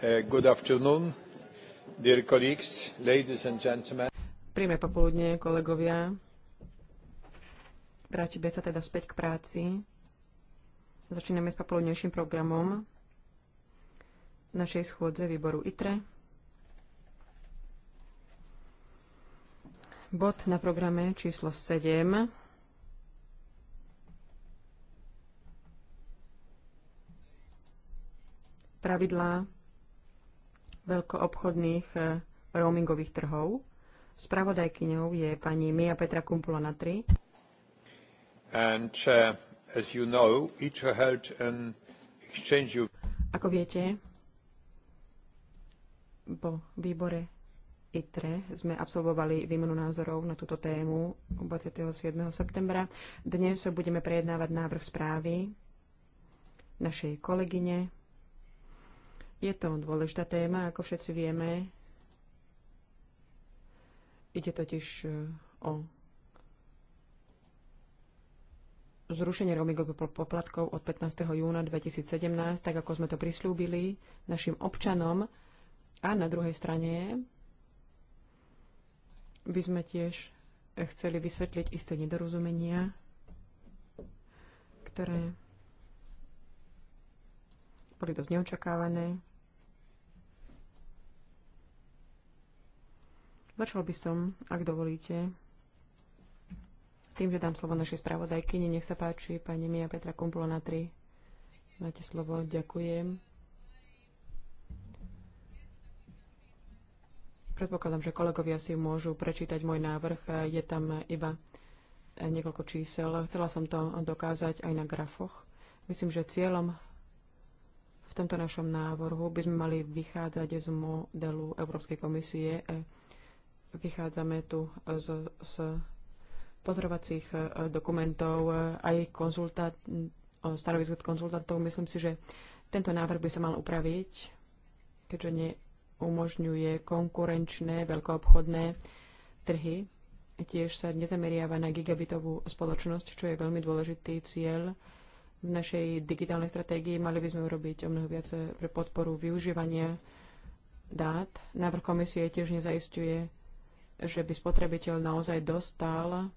Uh, good afternoon, dear colleagues, ladies and gentlemen. Príjme popoludne, kolegovia. Vrátime sa teda späť k práci. Začíname s popoludnejším programom našej schôdze výboru ITRE. Bod na programe číslo 7 pravidlá veľkoobchodných eh, roamingových trhov. Spravodajkyňou je pani Mia Petra Kumpula na tri. And, uh, as you know, held an exchange of... Ako viete, po výbore ITRE sme absolvovali výmenu názorov na túto tému 27. septembra. Dnes budeme prejednávať návrh správy našej kolegyne je to dôležitá téma, ako všetci vieme. Ide totiž e, o zrušenie roamingových poplatkov od 15. júna 2017, tak ako sme to prislúbili našim občanom. A na druhej strane by sme tiež chceli vysvetliť isté nedorozumenia, ktoré boli dosť neočakávané. Začal by som, ak dovolíte, tým, že dám slovo našej spravodajkyni. Nech sa páči, pani Mia Petra Kumpulo na 3. Máte slovo, ďakujem. Predpokladám, že kolegovia si môžu prečítať môj návrh. Je tam iba niekoľko čísel. Chcela som to dokázať aj na grafoch. Myslím, že cieľom v tomto našom návrhu by sme mali vychádzať z modelu Európskej komisie Vychádzame tu z, z pozorovacích e, dokumentov, e, aj konzultát, stanovisk od konzultantov. Myslím si, že tento návrh by sa mal upraviť, keďže neumožňuje konkurenčné veľkoobchodné trhy. Tiež sa nezameriava na gigabitovú spoločnosť, čo je veľmi dôležitý cieľ v našej digitálnej stratégii mali by sme urobiť o mnoho viac pre podporu využívania dát. Návrh komisie tiež nezaistuje že by spotrebiteľ naozaj dostal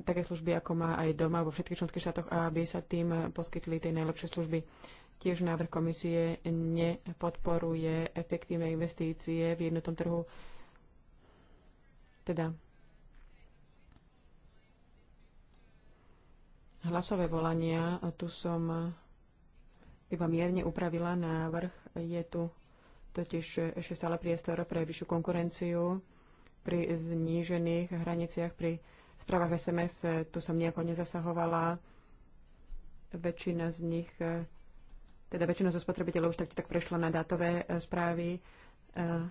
také služby, ako má aj doma vo všetkých členských štátoch a aby sa tým poskytli tie najlepšie služby. Tiež návrh komisie nepodporuje efektívne investície v jednotnom trhu. Teda hlasové volania, tu som iba mierne upravila návrh, je tu totiž ešte stále priestor pre vyššiu konkurenciu pri znížených hraniciach pri správach SMS. Tu som nejako nezasahovala. Väčšina z nich, teda väčšina zo spotrebiteľov už tak, tak prešla na dátové eh, správy. Eh,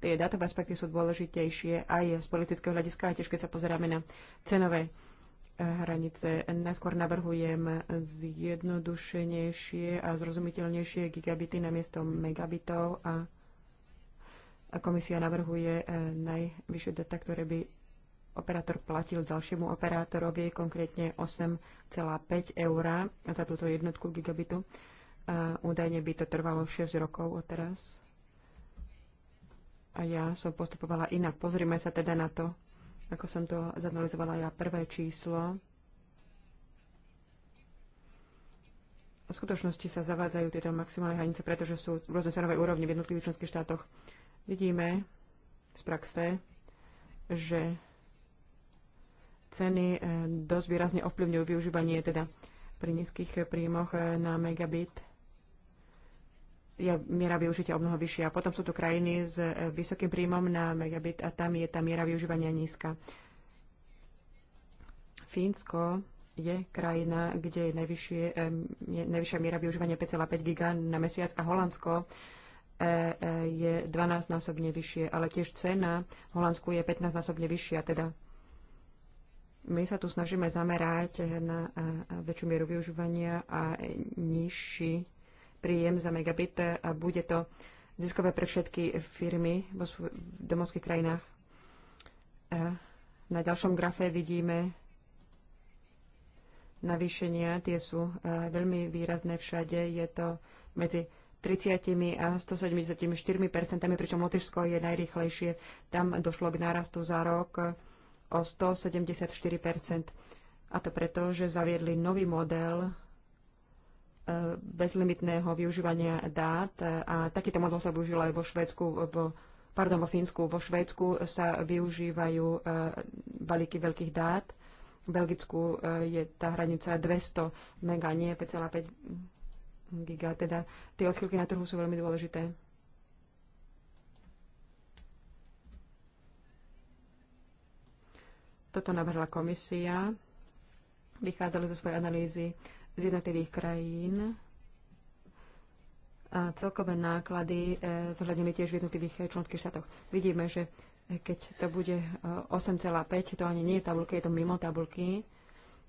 tie dátové aspekty sú dôležitejšie aj z politického hľadiska, a tiež keď sa pozeráme na cenové hranice. Najskôr navrhujem zjednodušenejšie a zrozumiteľnejšie gigabity na miesto megabitov a komisia navrhuje eh, najvyššie data, ktoré by operátor platil ďalšiemu operátorovi, konkrétne 8,5 eur za túto jednotku gigabitu. A údajne by to trvalo 6 rokov od teraz. A ja som postupovala inak. Pozrime sa teda na to ako som to zanalizovala ja prvé číslo, v skutočnosti sa zavádzajú tieto maximálne hranice, pretože sú rôzne cenové úrovni v jednotlivých členských štátoch. Vidíme z praxe, že ceny eh, dosť výrazne ovplyvňujú využívanie teda pri nízkych príjmoch eh, na megabit je miera využitia o mnoho vyššia. Potom sú tu krajiny s e, vysokým príjmom na megabit a tam je tá miera využívania nízka. Fínsko je krajina, kde je, najvyššie, e, je najvyššia miera využívania 5,5 giga na mesiac a Holandsko e, je 12-násobne vyššie, ale tiež cena v Holandsku je 15-násobne vyššia. Teda my sa tu snažíme zamerať na väčšiu mieru využívania a nižší príjem za megabit a bude to ziskové pre všetky firmy vo domovských krajinách. Na ďalšom grafe vidíme navýšenia, tie sú e, veľmi výrazné všade, je to medzi 30 a 174 percentami, pričom Lotyšsko je najrychlejšie. Tam došlo k nárastu za rok o 174 A to preto, že zaviedli nový model bezlimitného využívania dát. A takýto model sa využil aj vo Švédsku, vo, pardon, vo Fínsku. Vo Švédsku sa využívajú e, balíky veľkých dát. V Belgicku e, je tá hranica 200 mega, nie 5,5 giga. Teda tie odchylky na trhu sú veľmi dôležité. Toto navrhla komisia. Vychádzali zo svojej analýzy z jednotlivých krajín a celkové náklady e, zohľadnili tiež v jednotlivých e, členských štátoch. Vidíme, že e, keď to bude 8,5, to ani nie je tabulka, je to mimo tabulky.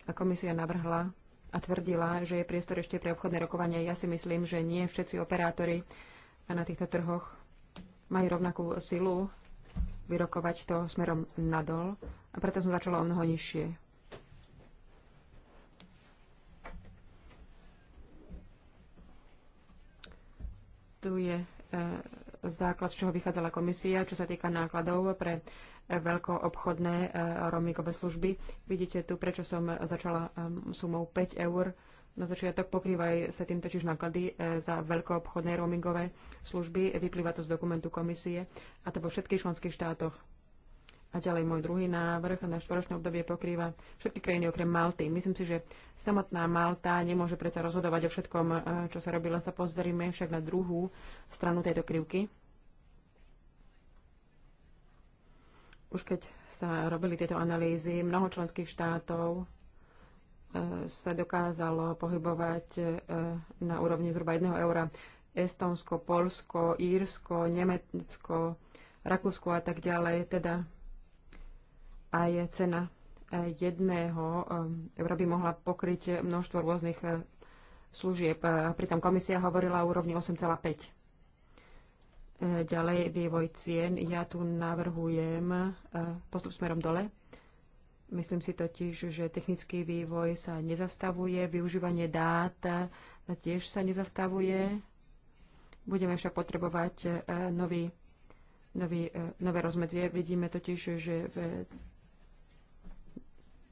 A komisia navrhla a tvrdila, že je priestor ešte pre obchodné rokovania. Ja si myslím, že nie všetci operátori na týchto trhoch majú rovnakú silu vyrokovať to smerom nadol a preto som začala o mnoho nižšie. tu je e, základ, z čoho vychádzala komisia, čo sa týka nákladov pre veľkoobchodné e, roamingové služby. Vidíte tu, prečo som začala e, sumou 5 eur. Na začiatok pokrývajú sa tým totiž náklady za veľkoobchodné roamingové služby. Vyplýva to z dokumentu komisie a to vo všetkých členských štátoch. A ďalej môj druhý návrh na štvoročné obdobie pokrýva všetky krajiny okrem Malty. Myslím si, že samotná Malta nemôže predsa rozhodovať o všetkom, e, čo sa robilo. Sa pozrieme však na druhú stranu tejto krivky. Už keď sa robili tieto analýzy, mnoho členských štátov e, sa dokázalo pohybovať e, na úrovni zhruba 1 eura. Estonsko, Polsko, Írsko, Nemecko, Rakúsko a tak ďalej. Teda aj cena eh, jedného eura eh, by mohla pokryť množstvo rôznych eh, služieb. Pritom komisia hovorila o úrovni 8,5 ďalej vývoj cien. Ja tu navrhujem postup smerom dole. Myslím si totiž, že technický vývoj sa nezastavuje, využívanie dát tiež sa nezastavuje. Budeme však potrebovať nový, nový, nové rozmedzie. Vidíme totiž, že v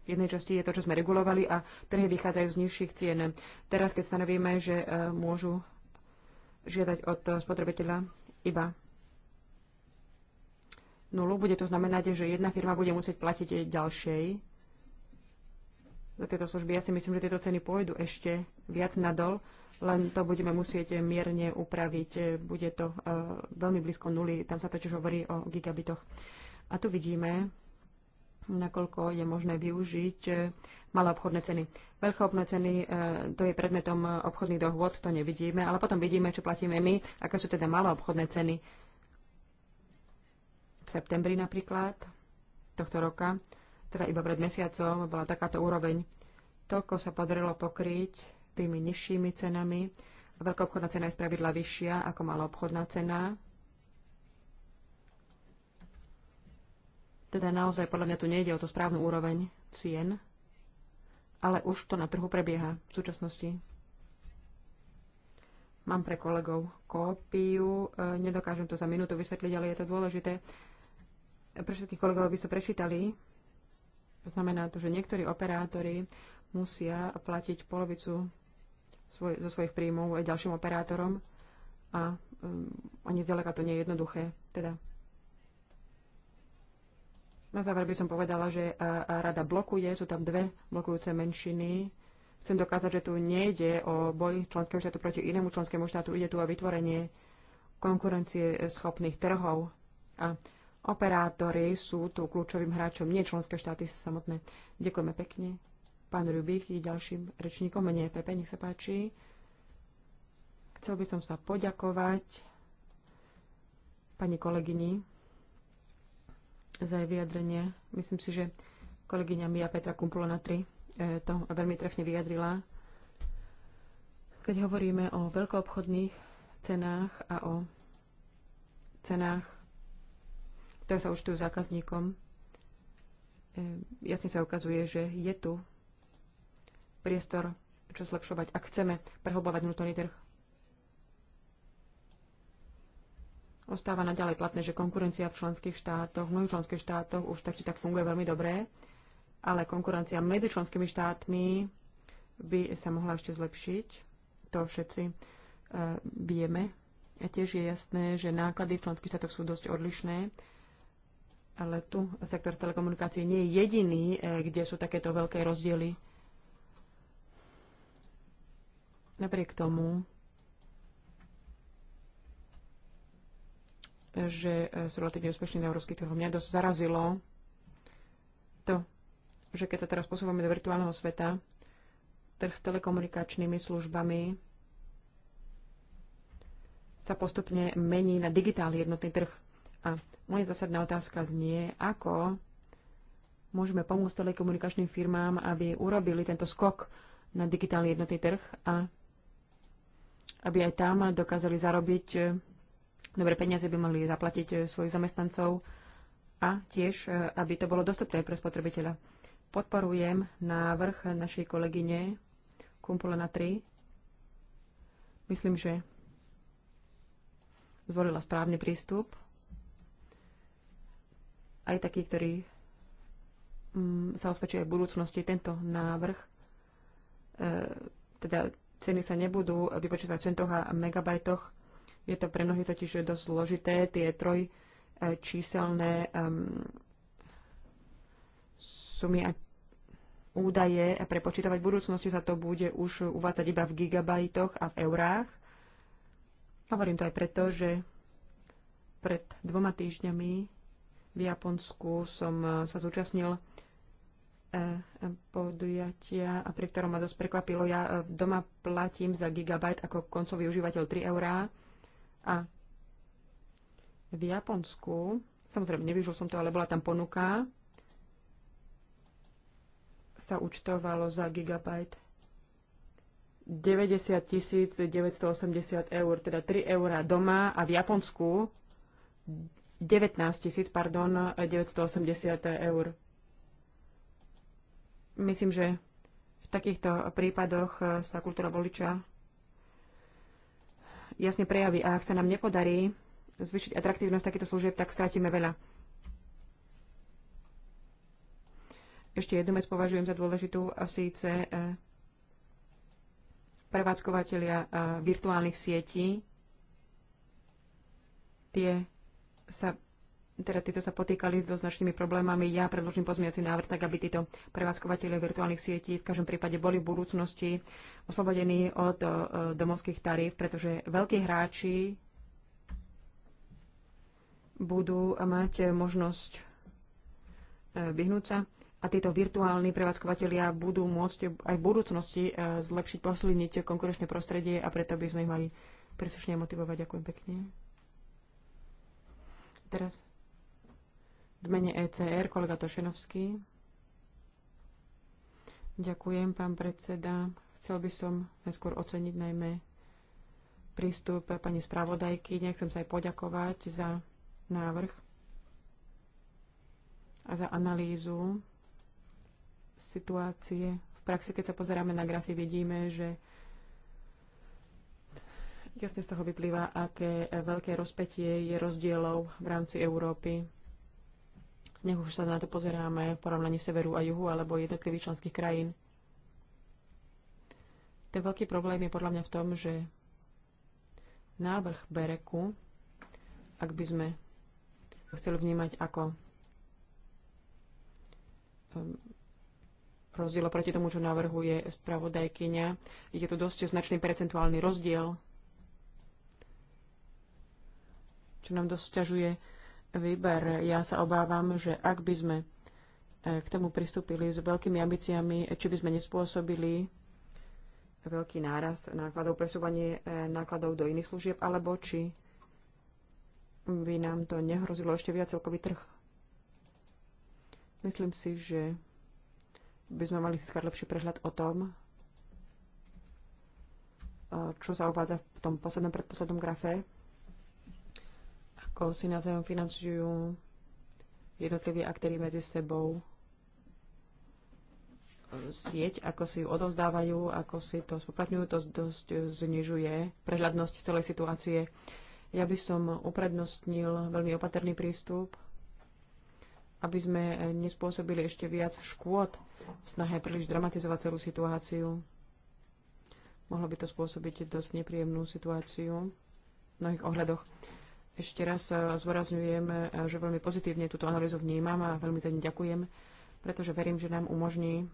v jednej časti je to, čo sme regulovali a trhy vychádzajú z nižších cien. Teraz, keď stanovíme, že e, môžu žiadať od e, spotrebiteľa iba nulu, bude to znamenáť, že jedna firma bude musieť platiť ďalšej za tieto služby. Ja si myslím, že tieto ceny pôjdu ešte viac nadol, len to budeme musieť mierne upraviť. Bude to e, veľmi blízko nuly, tam sa totiž hovorí o gigabitoch. A tu vidíme, nakoľko je možné využiť e, malé obchodné ceny. Veľké obchodné ceny, e, to je predmetom obchodných dohôd, to nevidíme, ale potom vidíme, čo platíme my, aké sú teda malé obchodné ceny. V septembri napríklad tohto roka, teda iba pred mesiacom, bola takáto úroveň. Toľko sa podarilo pokryť tými nižšími cenami. Veľká obchodná cena je spravidla vyššia ako malá obchodná cena. Teda naozaj podľa mňa tu nejde o tú správnu úroveň cien, ale už to na trhu prebieha v súčasnosti. Mám pre kolegov kópiu, e, nedokážem to za minútu vysvetliť, ale je to dôležité. Pre všetkých kolegov, aby ste prečítali, znamená to, že niektorí operátori musia platiť polovicu svoj, zo svojich príjmov aj ďalším operátorom a um, ani zďaleka to nie je jednoduché. Teda na záver by som povedala, že rada blokuje, sú tam dve blokujúce menšiny. Chcem dokázať, že tu nejde o boj členského štátu proti inému členskému štátu, ide tu o vytvorenie konkurencie schopných trhov. A operátori sú tu kľúčovým hráčom, nie členské štáty samotné. Ďakujeme pekne. Pán Rubich je ďalším rečníkom, menej Pepe, nech sa páči. Chcel by som sa poďakovať pani kolegyni za jej vyjadrenie. Myslím si, že kolegyňa Mia Petra Kumpulo na 3 e, to veľmi trefne vyjadrila. Keď hovoríme o veľkoobchodných cenách a o cenách, ktoré sa účtujú zákazníkom, e, jasne sa ukazuje, že je tu priestor, čo zlepšovať, ak chceme prehlbovať vnútorný trh. Ostáva naďalej platné, že konkurencia v členských štátoch, v mnohých členských štátoch už tak či tak funguje veľmi dobre, ale konkurencia medzi členskými štátmi by sa mohla ešte zlepšiť. To všetci e, vieme. A tiež je jasné, že náklady v členských štátoch sú dosť odlišné, ale tu sektor telekomunikácií nie je jediný, e, kde sú takéto veľké rozdiely. Napriek tomu že e, sú relatívne úspešní na európskych trhoch. Mňa dosť zarazilo to, že keď sa teraz posúvame do virtuálneho sveta, trh s telekomunikačnými službami sa postupne mení na digitálny jednotný trh. A moja zásadná otázka znie, ako môžeme pomôcť telekomunikačným firmám, aby urobili tento skok na digitálny jednotný trh a aby aj tam dokázali zarobiť dobre peniaze by mohli zaplatiť eh, svojich zamestnancov a tiež, eh, aby to bolo dostupné pre spotrebiteľa. Podporujem návrh našej kolegyne Kumpula na 3. Myslím, že zvolila správny prístup. Aj taký, ktorý mm, sa osvedčuje v budúcnosti, tento návrh, eh, teda ceny sa nebudú vypočítať v centoch a megabajtoch, je to pre mnohých totiž dosť zložité, tie trojčíselné sumy a údaje prepočítavať. V budúcnosti sa to bude už uvádzať iba v gigabajtoch a v eurách. Hovorím to aj preto, že pred dvoma týždňami v Japonsku som eh, sa zúčastnil eh, podujatia, a pri ktorom ma dosť prekvapilo. Ja eh, doma platím za gigabajt ako koncový užívateľ 3 eurá a v Japonsku, samozrejme nevyžil som to, ale bola tam ponuka, sa účtovalo za gigabyte 90 980 eur, teda 3 eurá doma a v Japonsku 19 tisíc, pardon, 980 eur. Myslím, že v takýchto prípadoch sa kultúra voliča jasne prejaví. A ak sa nám nepodarí zvyšiť atraktívnosť takýchto služieb, tak stratíme veľa. Ešte jednu vec považujem za dôležitú a síce e, prevádzkovateľia e, virtuálnych sietí. Tie sa teda títo sa potýkali s doznačnými problémami. Ja predložím pozmiaci návrh tak, aby títo prevádzkovateľe virtuálnych sietí v každom prípade boli v budúcnosti oslobodení od e, domovských tarív, pretože veľkí hráči budú mať možnosť e, vyhnúť sa a títo virtuálni prevádzkovateľia budú môcť aj v budúcnosti e, zlepšiť, posilniť konkurenčné prostredie a preto by sme ich mali príslušne motivovať. Ďakujem pekne. Teraz v mene ECR, kolega Tošenovský. Ďakujem, pán predseda. Chcel by som neskôr oceniť najmä prístup pani spravodajky. Nechcem sa aj poďakovať za návrh a za analýzu situácie. V praxi, keď sa pozeráme na grafy, vidíme, že jasne z toho vyplýva, aké veľké rozpetie je rozdielov v rámci Európy nech už sa na to pozeráme v porovnaní severu a juhu alebo jednotlivých členských krajín. Ten veľký problém je podľa mňa v tom, že návrh Bereku, ak by sme chceli vnímať ako um, rozdiel proti tomu, čo navrhuje spravodajkyňa. Je to dosť značný percentuálny rozdiel, čo nám dosť ťažuje výber. Ja sa obávam, že ak by sme e, k tomu pristúpili s veľkými ambíciami, či by sme nespôsobili veľký náraz nákladov, presúvanie e, nákladov do iných služieb, alebo či by nám to nehrozilo ešte viac celkový trh. Myslím si, že by sme mali získať lepší prehľad o tom, e, čo sa uvádza v tom poslednom predposlednom grafe ako si tom financujú jednotliví aktéry medzi sebou sieť, ako si ju odovzdávajú, ako si to spoplatňujú, to dosť znižuje prehľadnosť celej situácie. Ja by som uprednostnil veľmi opatrný prístup, aby sme nespôsobili ešte viac škôd v snahe príliš dramatizovať celú situáciu. Mohlo by to spôsobiť dosť nepríjemnú situáciu v mnohých ohľadoch. Ešte raz zvorazňujem, že veľmi pozitívne túto analýzu vnímam a veľmi za ňu ďakujem, pretože verím, že nám umožní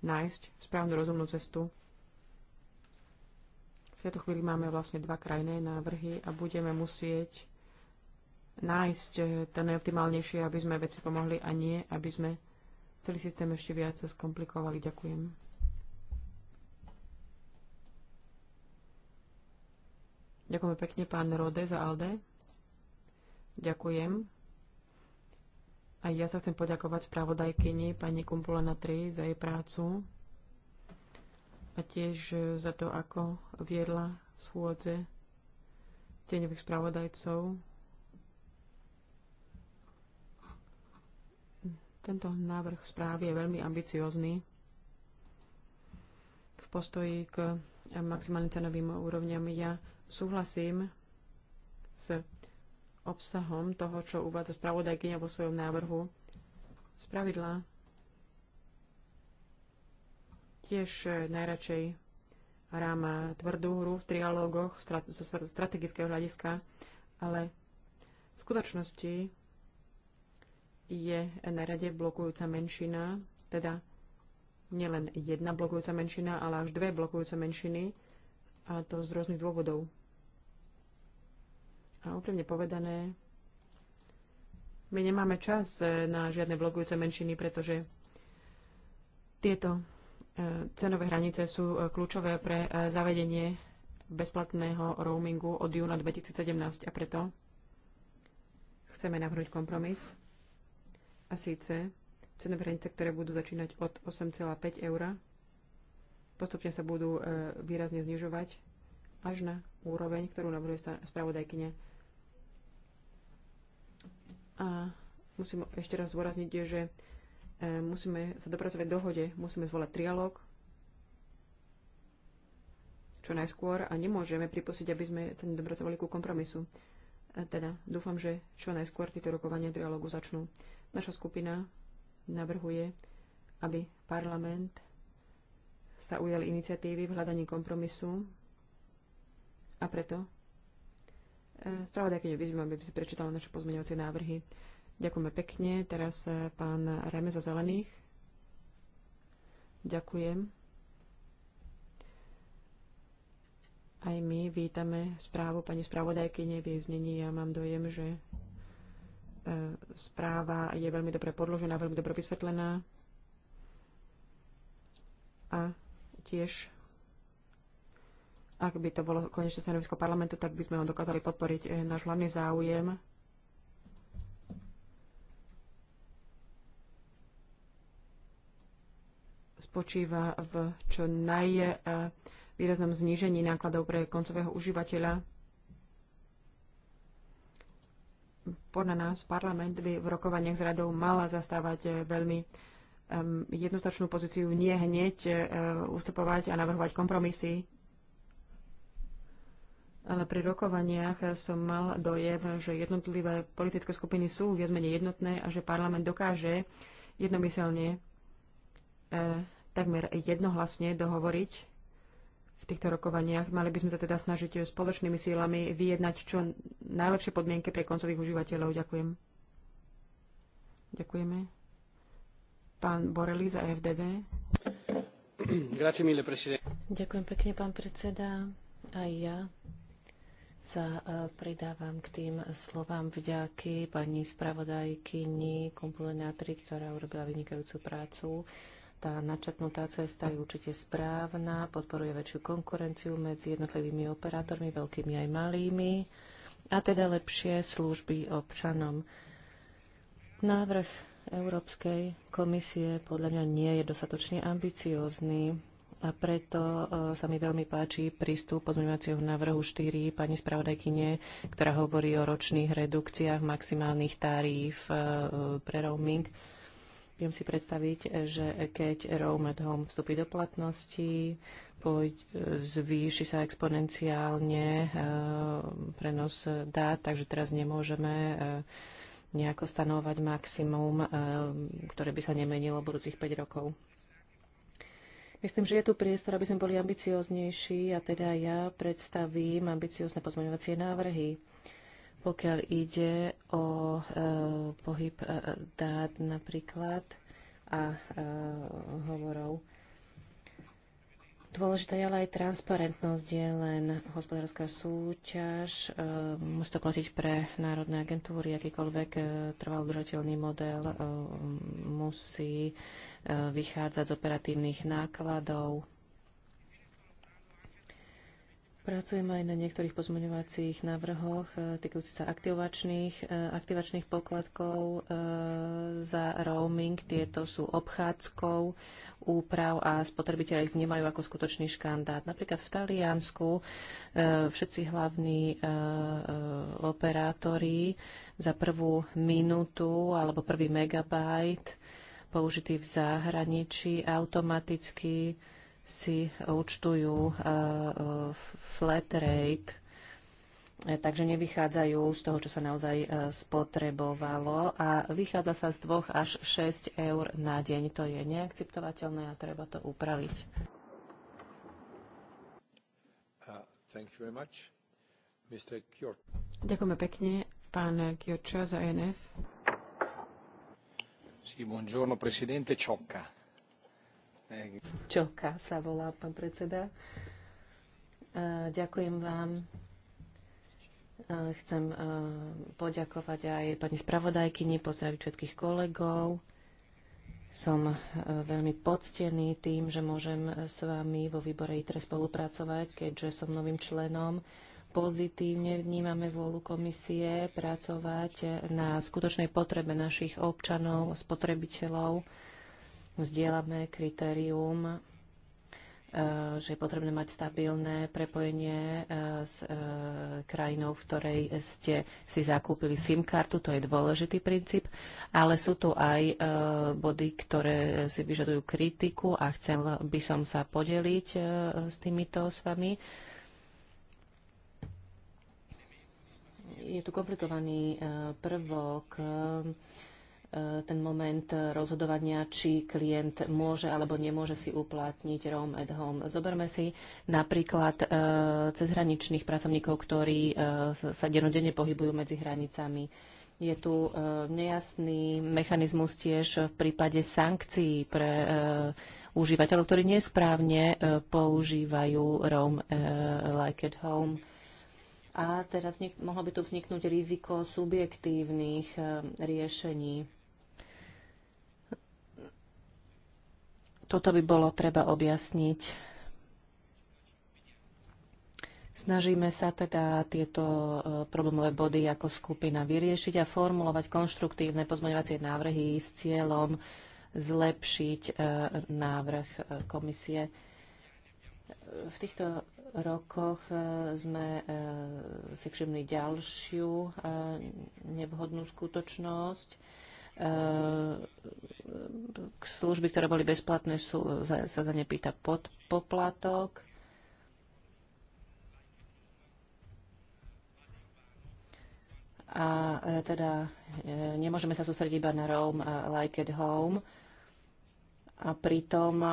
nájsť správnu rozumnú cestu. V tejto chvíli máme vlastne dva krajné návrhy a budeme musieť nájsť ten najoptimálnejšie, aby sme veci pomohli a nie, aby sme celý systém ešte viac skomplikovali. Ďakujem. Ďakujeme pekne pán Rode za Alde. Ďakujem. A ja sa chcem poďakovať spravodajkyni pani Kumpulana 3 za jej prácu a tiež za to, ako viedla schôdze tieňových spravodajcov. Tento návrh správy je veľmi ambiciózny v postoji k maximálnym cenovým úrovňam. Ja súhlasím s obsahom toho, čo uvádza spravodajkyňa vo svojom návrhu. Spravidla tiež e, najradšej ráma tvrdú hru v trialógoch zo strategického hľadiska, ale v skutočnosti je na rade blokujúca menšina, teda nielen jedna blokujúca menšina, ale až dve blokujúce menšiny, a to z rôznych dôvodov. A úplne povedané, my nemáme čas e, na žiadne blogujúce menšiny, pretože tieto e, cenové hranice sú e, kľúčové pre zavedenie bezplatného roamingu od júna 2017 a preto chceme navrhnúť kompromis a síce cenové hranice, ktoré budú začínať od 8,5 eur, postupne sa budú výrazne znižovať až na úroveň, ktorú navrhuje spravodajkyňa a musím ešte raz zdôrazniť, že e, musíme sa dopracovať dohode, musíme zvolať trialog čo najskôr a nemôžeme pripustiť, aby sme sa nedopracovali ku kompromisu. E, teda dúfam, že čo najskôr tieto rokovania trialógu začnú. Naša skupina navrhuje, aby parlament sa ujal iniciatívy v hľadaní kompromisu a preto Spravodajkyňu vyzvím, aby si prečítala naše pozmeňovacie návrhy. Ďakujeme pekne. Teraz eh, pán Reme za zelených. Ďakujem. Aj my vítame správu pani správodajky v jej znení. Ja mám dojem, že eh, správa je veľmi dobre podložená, veľmi dobre vysvetlená a tiež ak by to bolo konečné stanovisko parlamentu, tak by sme ho dokázali podporiť. Eh, náš hlavný záujem spočíva v čo najvýraznom znížení nákladov pre koncového užívateľa. Podľa nás parlament by v rokovaniach s radou mala zastávať eh, veľmi jednoznačnú pozíciu, nie hneď eh, ustupovať a navrhovať kompromisy, ale pri rokovaniach som mal dojem, že jednotlivé politické skupiny sú viac menej jednotné a že parlament dokáže jednomyselne, e, takmer jednohlasne dohovoriť v týchto rokovaniach. Mali by sme sa teda snažiť spoločnými sílami vyjednať čo najlepšie podmienky pre koncových užívateľov. Ďakujem. Ďakujeme. Pán Borelli za FDD. Ďakujem pekne, pán predseda. Aj ja sa e, pridávam k tým slovám vďaky pani spravodajkyni Kumpulenátri, ktorá urobila vynikajúcu prácu. Tá načrtnutá cesta je určite správna, podporuje väčšiu konkurenciu medzi jednotlivými operátormi, veľkými aj malými, a teda lepšie služby občanom. Návrh Európskej komisie podľa mňa nie je dostatočne ambiciózny a preto e, sa mi veľmi páči prístup pozmeňovacieho návrhu 4 pani spravodajkyne, ktorá hovorí o ročných redukciách maximálnych taríf e, e, pre roaming. Viem si predstaviť, že keď Roam at Home vstúpi do platnosti, zvýši sa exponenciálne prenos dát, takže teraz nemôžeme nejako stanovať maximum, ktoré by sa nemenilo budúcich 5 rokov. Myslím, že je tu priestor, aby sme boli ambicioznejší a teda ja predstavím ambiciozne pozmeňovacie návrhy. Pokiaľ ide o e, pohyb e, e dát napríklad a e, hovorov, Dôležitá je ale aj transparentnosť, je len hospodárska súťaž. E, musí to platiť pre národné agentúry, akýkoľvek e, trvalo udržateľný model e, musí vychádzať z operatívnych nákladov Pracujeme aj na niektorých pozmeňovacích návrhoch e, týkajúcich sa aktivačných, e, aktivačných pokladkov e, za roaming. Tieto sú obchádzkou úprav a spotrebiteľe ich vnímajú ako skutočný škandát. Napríklad v Taliansku všetci hlavní operátori za prvú minútu alebo prvý megabajt použitý v zahraničí automaticky si účtujú e, e, flat rate, e, takže nevychádzajú z toho, čo sa naozaj spotrebovalo a vychádza sa z 2 až 6 eur na deň. To je neakceptovateľné a treba to upraviť. Uh, Ďakujeme pekne. Pán Kiočo za NF. Sí, buongiorno, presidente Ciocca. Čoka sa volá pán predseda. Ďakujem vám. Chcem poďakovať aj pani spravodajkyni, pozdraviť všetkých kolegov. Som veľmi poctený tým, že môžem s vami vo výbore ITRE spolupracovať, keďže som novým členom. Pozitívne vnímame vôľu komisie pracovať na skutočnej potrebe našich občanov, spotrebiteľov vzdielame kritérium, e, že je potrebné mať stabilné prepojenie e, s e, krajinou, v ktorej ste si zakúpili SIM kartu, to je dôležitý princíp, ale sú tu aj body, ktoré si vyžadujú kritiku a chcel by som sa podeliť s týmito s vami. Je tu komplikovaný prvok E, ten moment rozhodovania, či klient môže alebo nemôže si uplatniť Roam at Home. Zoberme si napríklad e, cezhraničných pracovníkov, ktorí e, sa denodene pohybujú medzi hranicami. Je tu nejasný mechanizmus tiež v prípade sankcií pre užívateľov, ktorí nesprávne používajú Roam like at home a teda mohlo by tu vzniknúť riziko subjektívnych riešení. Toto by bolo treba objasniť. Snažíme sa teda tieto e, problémové body ako skupina vyriešiť a formulovať konštruktívne pozmeňovacie návrhy s cieľom zlepšiť e, návrh e, komisie. V týchto rokoch sme si všimli ďalšiu nevhodnú skutočnosť služby, ktoré boli bezplatné, sú, sa za ne pýta pod poplatok. A e, teda e, nemôžeme sa sústrediť iba na Rome, like at home, a pritom e,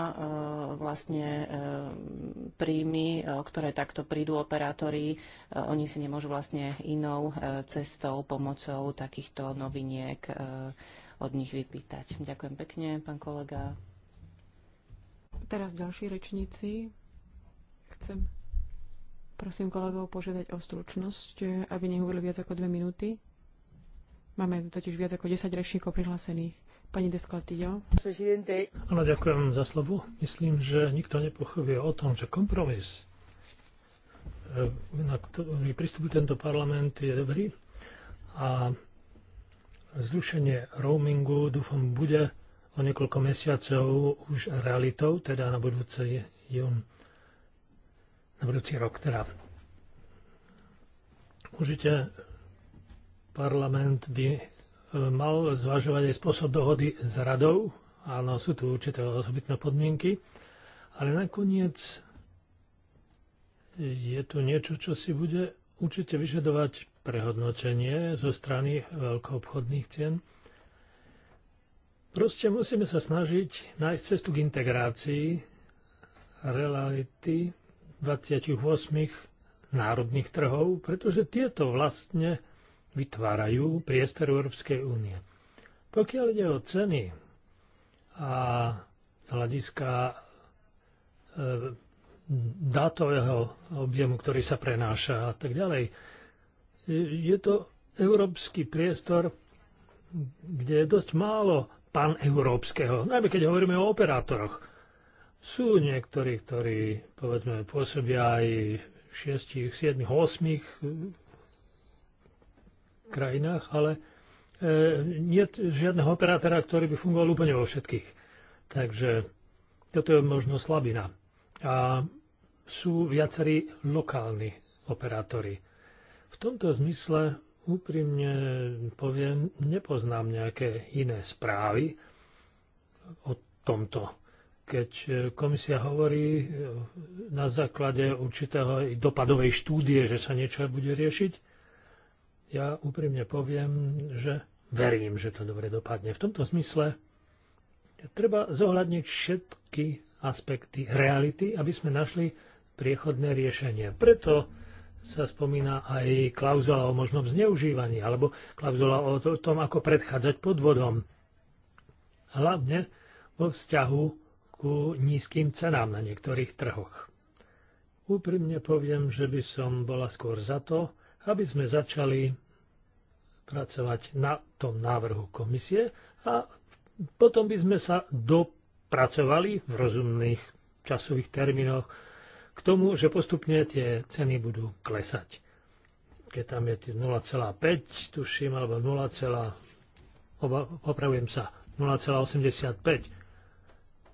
vlastne e, príjmy, e, ktoré takto prídu operátori, oni si nemôžu vlastne inou cestou, pomocou takýchto noviniek od nich vypýtať. Ďakujem pekne, pán kolega. Teraz ďalší rečníci. Chcem prosím kolegov požiadať o stručnosť, aby nehovorili viac ako dve minúty. Máme totiž viac ako 10 rečníkov prihlásených. Pani Descaltillo. Áno, ďakujem za slovo. Myslím, že nikto nepochybuje o tom, že kompromis, e, na ktorý pristupuje tento parlament, je dobrý. A zrušenie roamingu, dúfam, bude o niekoľko mesiacov už realitou, teda na budúci jún, na budúci rok teda. Určite parlament by mal zvažovať aj spôsob dohody s radou. Áno, sú tu určité osobitné podmienky. Ale nakoniec je tu niečo, čo si bude určite vyžadovať prehodnotenie zo strany veľkoobchodných cien. Proste musíme sa snažiť nájsť cestu k integrácii reality 28 národných trhov, pretože tieto vlastne vytvárajú priestor Európskej únie. Pokiaľ ide o ceny a z hľadiska e, dátového objemu, ktorý sa prenáša a tak ďalej. E, je to európsky priestor, kde je dosť málo paneurópskeho, najmä keď hovoríme o operátoroch. Sú niektorí, ktorí povedzme pôsobia aj v 6, 7, 8 krajinách, ale e, nie žiadneho operátora, ktorý by fungoval úplne vo všetkých. Takže toto je možno slabina. A sú viacerí lokálni operátori. V tomto zmysle úprimne poviem, nepoznám nejaké iné správy o tomto. Keď e, komisia hovorí e, na základe určitého dopadovej štúdie, že sa niečo bude riešiť, ja úprimne poviem, že verím, že to dobre dopadne. V tomto zmysle treba zohľadniť všetky aspekty reality, aby sme našli priechodné riešenie. Preto sa spomína aj klauzula o možnom zneužívaní alebo klauzula o tom, ako predchádzať podvodom. Hlavne vo vzťahu ku nízkym cenám na niektorých trhoch. Úprimne poviem, že by som bola skôr za to, aby sme začali pracovať na tom návrhu komisie a potom by sme sa dopracovali v rozumných časových termínoch k tomu, že postupne tie ceny budú klesať. Keď tam je 0,5, tuším, alebo 0, opravujem sa, 0,85,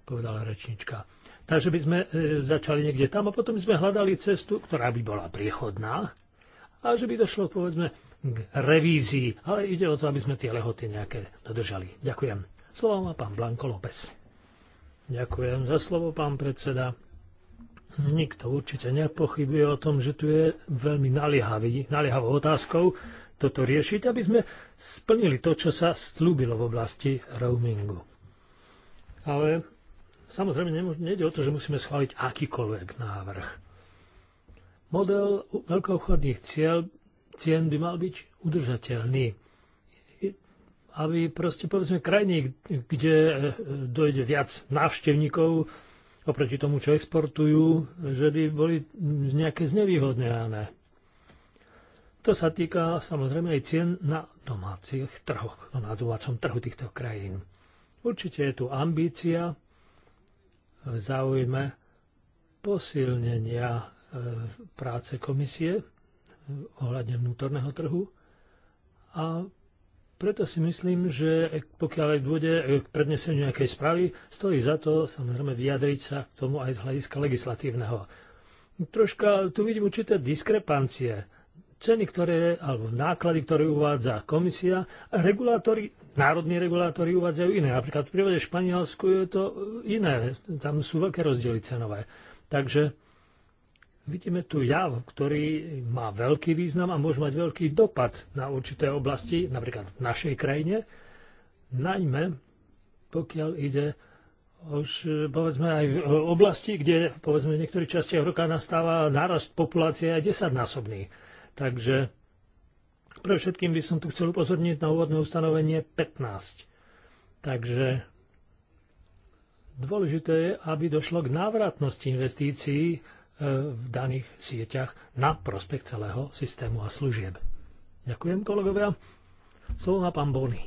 povedala rečnička. Takže by sme e, začali niekde tam a potom sme hľadali cestu, ktorá by bola priechodná a že by došlo, povedzme, k revízii, ale ide o to, aby sme tie lehoty nejaké dodržali. Ďakujem. Slovo má pán Blanko López. Ďakujem za slovo, pán predseda. Nikto určite nepochybuje o tom, že tu je veľmi naliehavý, naliehavou otázkou toto riešiť, aby sme splnili to, čo sa slúbilo v oblasti roamingu. Ale samozrejme nejde o to, že musíme schváliť akýkoľvek návrh. Model veľkoobchodných cieľ cien by mal byť udržateľný. Aby proste povedzme krajiny, kde e, dojde viac návštevníkov oproti tomu, čo exportujú, že by boli nejaké znevýhodnené. To sa týka samozrejme aj cien na domácich trhoch, na domácom trhu týchto krajín. Určite je tu ambícia v záujme posilnenia e, práce komisie ohľadne vnútorného trhu. A preto si myslím, že pokiaľ aj bude k predneseniu nejakej správy, stojí za to samozrejme vyjadriť sa k tomu aj z hľadiska legislatívneho. Troška tu vidím určité diskrepancie. Ceny, ktoré, alebo náklady, ktoré uvádza komisia, a národní regulátori uvádzajú iné. Napríklad v prípade Španielsku je to iné. Tam sú veľké rozdiely cenové. Takže Vidíme tu jav, ktorý má veľký význam a môže mať veľký dopad na určité oblasti, napríklad v našej krajine, najmä pokiaľ ide už povedzme aj v oblasti, kde povedzme v niektorých častiach roka nastáva nárast populácie aj desaťnásobný. Takže pre všetkým by som tu chcel upozorniť na úvodné ustanovenie 15. Takže dôležité je, aby došlo k návratnosti investícií E, v daných sieťach na prospekt celého systému a služieb. Ďakujem, kolegovia. Slovo má pán Bony.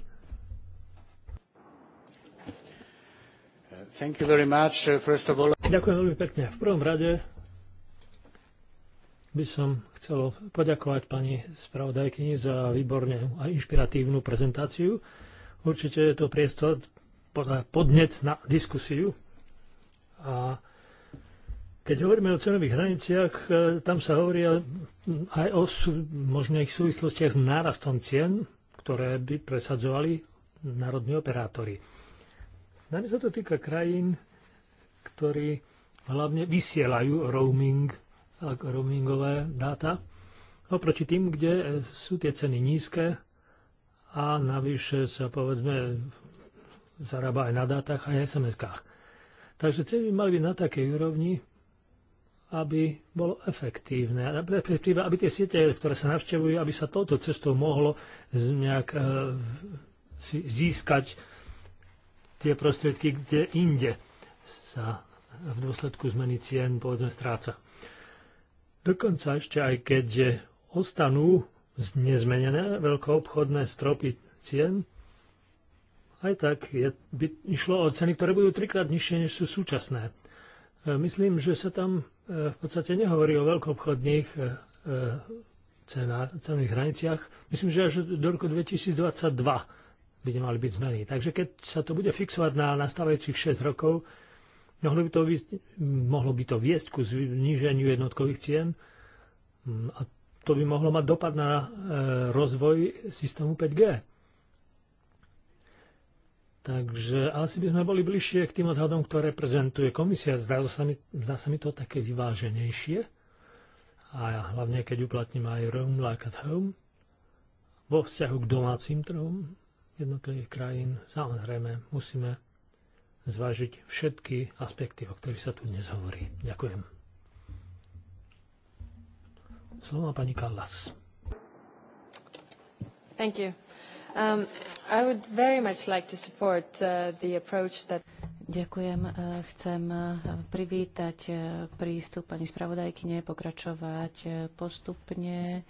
All... Ďakujem veľmi pekne. V prvom rade by som chcel poďakovať pani spravodajkyni za výborne a inšpiratívnu prezentáciu. Určite je to priestor podnet na diskusiu a keď hovoríme o cenových hraniciach, e, tam sa hovorí aj o možných súvislostiach s nárastom cien, ktoré by presadzovali národní operátori. Najmä sa to týka krajín, ktorí hlavne vysielajú roaming, roamingové dáta, oproti tým, kde e, sú tie ceny nízke a navyše sa povedzme zarába aj na dátach a SMS-kách. Takže ceny mali byť na takej úrovni, aby bolo efektívne, aby tie siete, ktoré sa navštevujú, aby sa touto cestou mohlo nejak e, získať tie prostriedky, kde inde sa v dôsledku zmeny cien povedzme stráca. Dokonca ešte aj keď ostanú nezmenené veľkoobchodné stropy cien, aj tak je, by išlo o ceny, ktoré budú trikrát nižšie, než sú súčasné. E, myslím, že sa tam e, v podstate nehovorí o veľkoobchodných cenách, e, cenných hraniciach. Myslím, že až do roku 2022 by nemali byť zmeny. Takže keď sa to bude fixovať na nastávajúcich 6 rokov, mohlo by to, viesť, mohlo by to viesť ku zníženiu jednotkových cien mm, a to by mohlo mať dopad na rozvoj systému 5G. Takže asi by sme boli bližšie k tým odhadom, ktoré prezentuje komisia. Zdá sa mi, zdá sa mi to také vyváženejšie. A hlavne, keď uplatním aj Rome Like at Home vo vzťahu k domácim trhom jednotlivých krajín, samozrejme musíme zvážiť všetky aspekty, o ktorých sa tu dnes hovorí. Ďakujem. Slovo pani Kallas. Thank you. Um, uh, Ďakujem. Uh, chcem uh, privítať prístup pani spravodajkyne, pokračovať postupne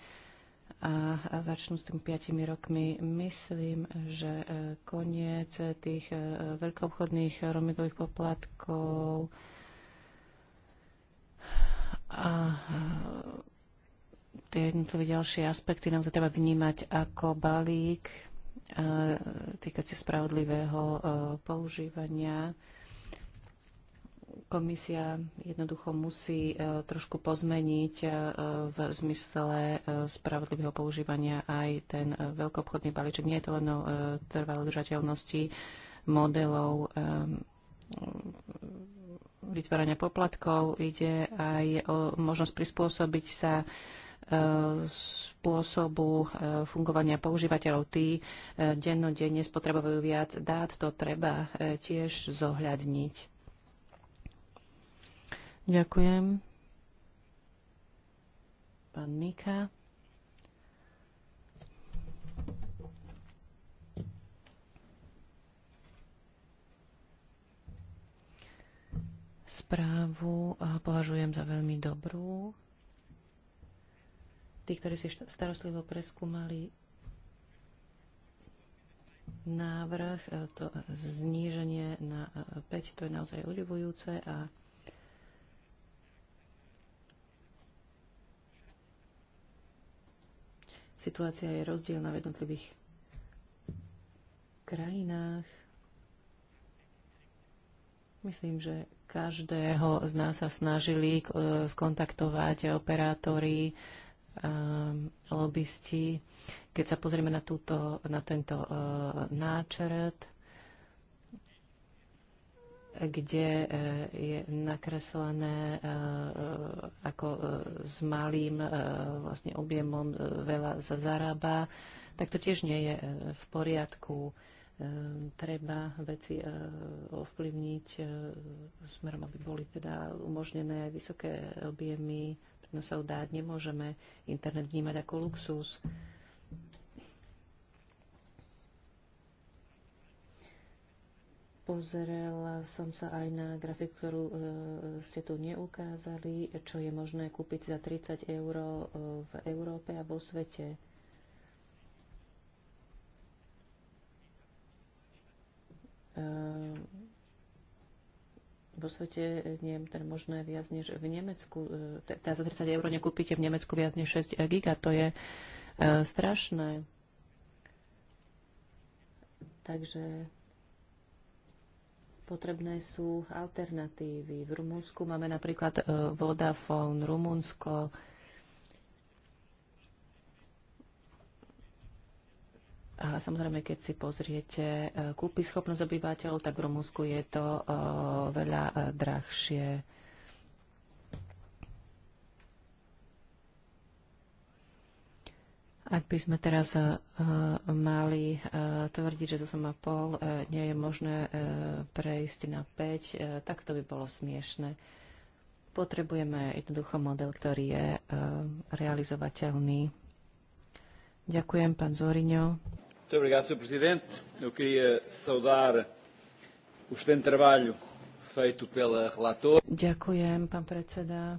a, a začnú s tým piatimi rokmi. Myslím, že koniec tých veľkoobchodných roamingových poplatkov a tie jednotlivé ďalšie aspekty naozaj treba vnímať ako balík Eh, týkajúce spravodlivého eh, používania. Komisia jednoducho musí eh, trošku pozmeniť v zmysle spravodlivého používania aj ten veľkoobchodný balíček. Nie je to len o trvalej držateľnosti modelov vytvárania poplatkov, ide aj o možnosť prispôsobiť sa spôsobu eh, fungovania používateľov. Tí eh, dennodenne spotrebovajú viac dát, to treba eh, tiež zohľadniť. Ďakujem. Pán Nika. Správu považujem za veľmi dobrú tí, ktorí si starostlivo preskúmali návrh, e, to zníženie na 5, e, to je naozaj udivujúce a situácia je rozdielna v jednotlivých krajinách. Myslím, že každého z nás sa snažili e, skontaktovať operátori Ehm, lobbysti. Keď sa pozrieme na, túto, na tento eh, náčrt, kde eh, je nakreslené eh, ako s malým vlastne objemom veľa sa zarába, tak to tiež nie je v poriadku. Ehm, treba veci ovplyvniť smerom, aby boli teda umožnené vysoké objemy sa udáť, Nemôžeme internet vnímať ako luxus. Pozerala som sa aj na grafik, ktorú e, ste tu neukázali, čo je možné kúpiť za 30 eur e, v Európe a vo svete. E, vo svete eh, nie je teda možné viac než v Nemecku, eh, teda za 30 eur nekúpite v Nemecku viac než 6 eh, giga, to je uh, strašné. Takže potrebné sú alternatívy. V Rumunsku máme napríklad uh, Vodafone, Rumunsko, A samozrejme, keď si pozriete eh, kúpy schopnosť obyvateľov, tak v Rumúnsku je to eh, veľa eh, drahšie. Ak by sme teraz uh, mali uh, tvrdiť, že to 8,5 uh, nie je možné uh, prejsť na 5, uh, tak to by bolo smiešne. Potrebujeme jednoducho model, ktorý je uh, realizovateľný. Ďakujem, pán Zoriňo. Muito obrigado, Sr. Presidente. Eu queria saudar o excelente trabalho feito pela relator. Ďakujem, pán predseda.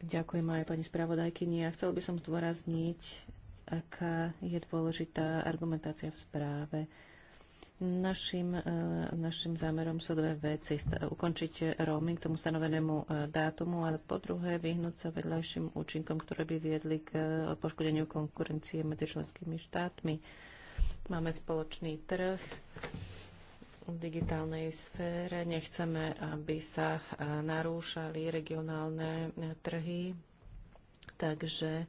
Ďakujem aj pani spravodajkyni. Ja chcel by som zdôrazniť, aká je dôležitá argumentácia v správe. Našim, e, našim zámerom sú dve veci. Ukončiť roaming tomu stanovenému e, dátumu a po druhé vyhnúť sa vedľajším účinkom, ktoré by viedli k e, poškodeniu konkurencie medzi členskými štátmi. Máme spoločný trh v digitálnej sfére. Nechceme, aby sa narúšali regionálne trhy. Takže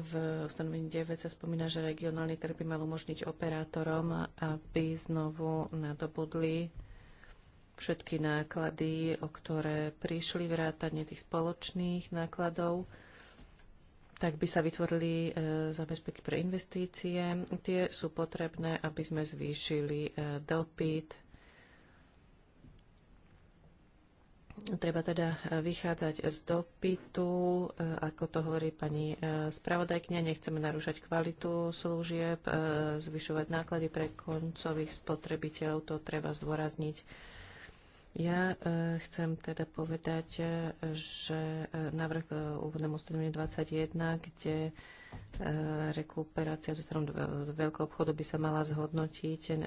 v ustanovení 9 sa spomína, že regionálny trh by mal umožniť operátorom, aby znovu nadobudli všetky náklady, o ktoré prišli vrátanie tých spoločných nákladov tak by sa vytvorili e, zabezpeky pre investície. Tie sú potrebné, aby sme zvýšili e, dopyt Treba teda vychádzať z dopytu, eh, ako to hovorí pani eh, spravodajkňa, nechceme narúšať kvalitu služieb, eh, zvyšovať náklady pre koncových spotrebiteľov, to treba zdôrazniť. Ja chcem teda povedať, že návrh úvodnému stanovení 21, kde rekuperácia zo strany veľkého obchodu by sa mala zhodnotiť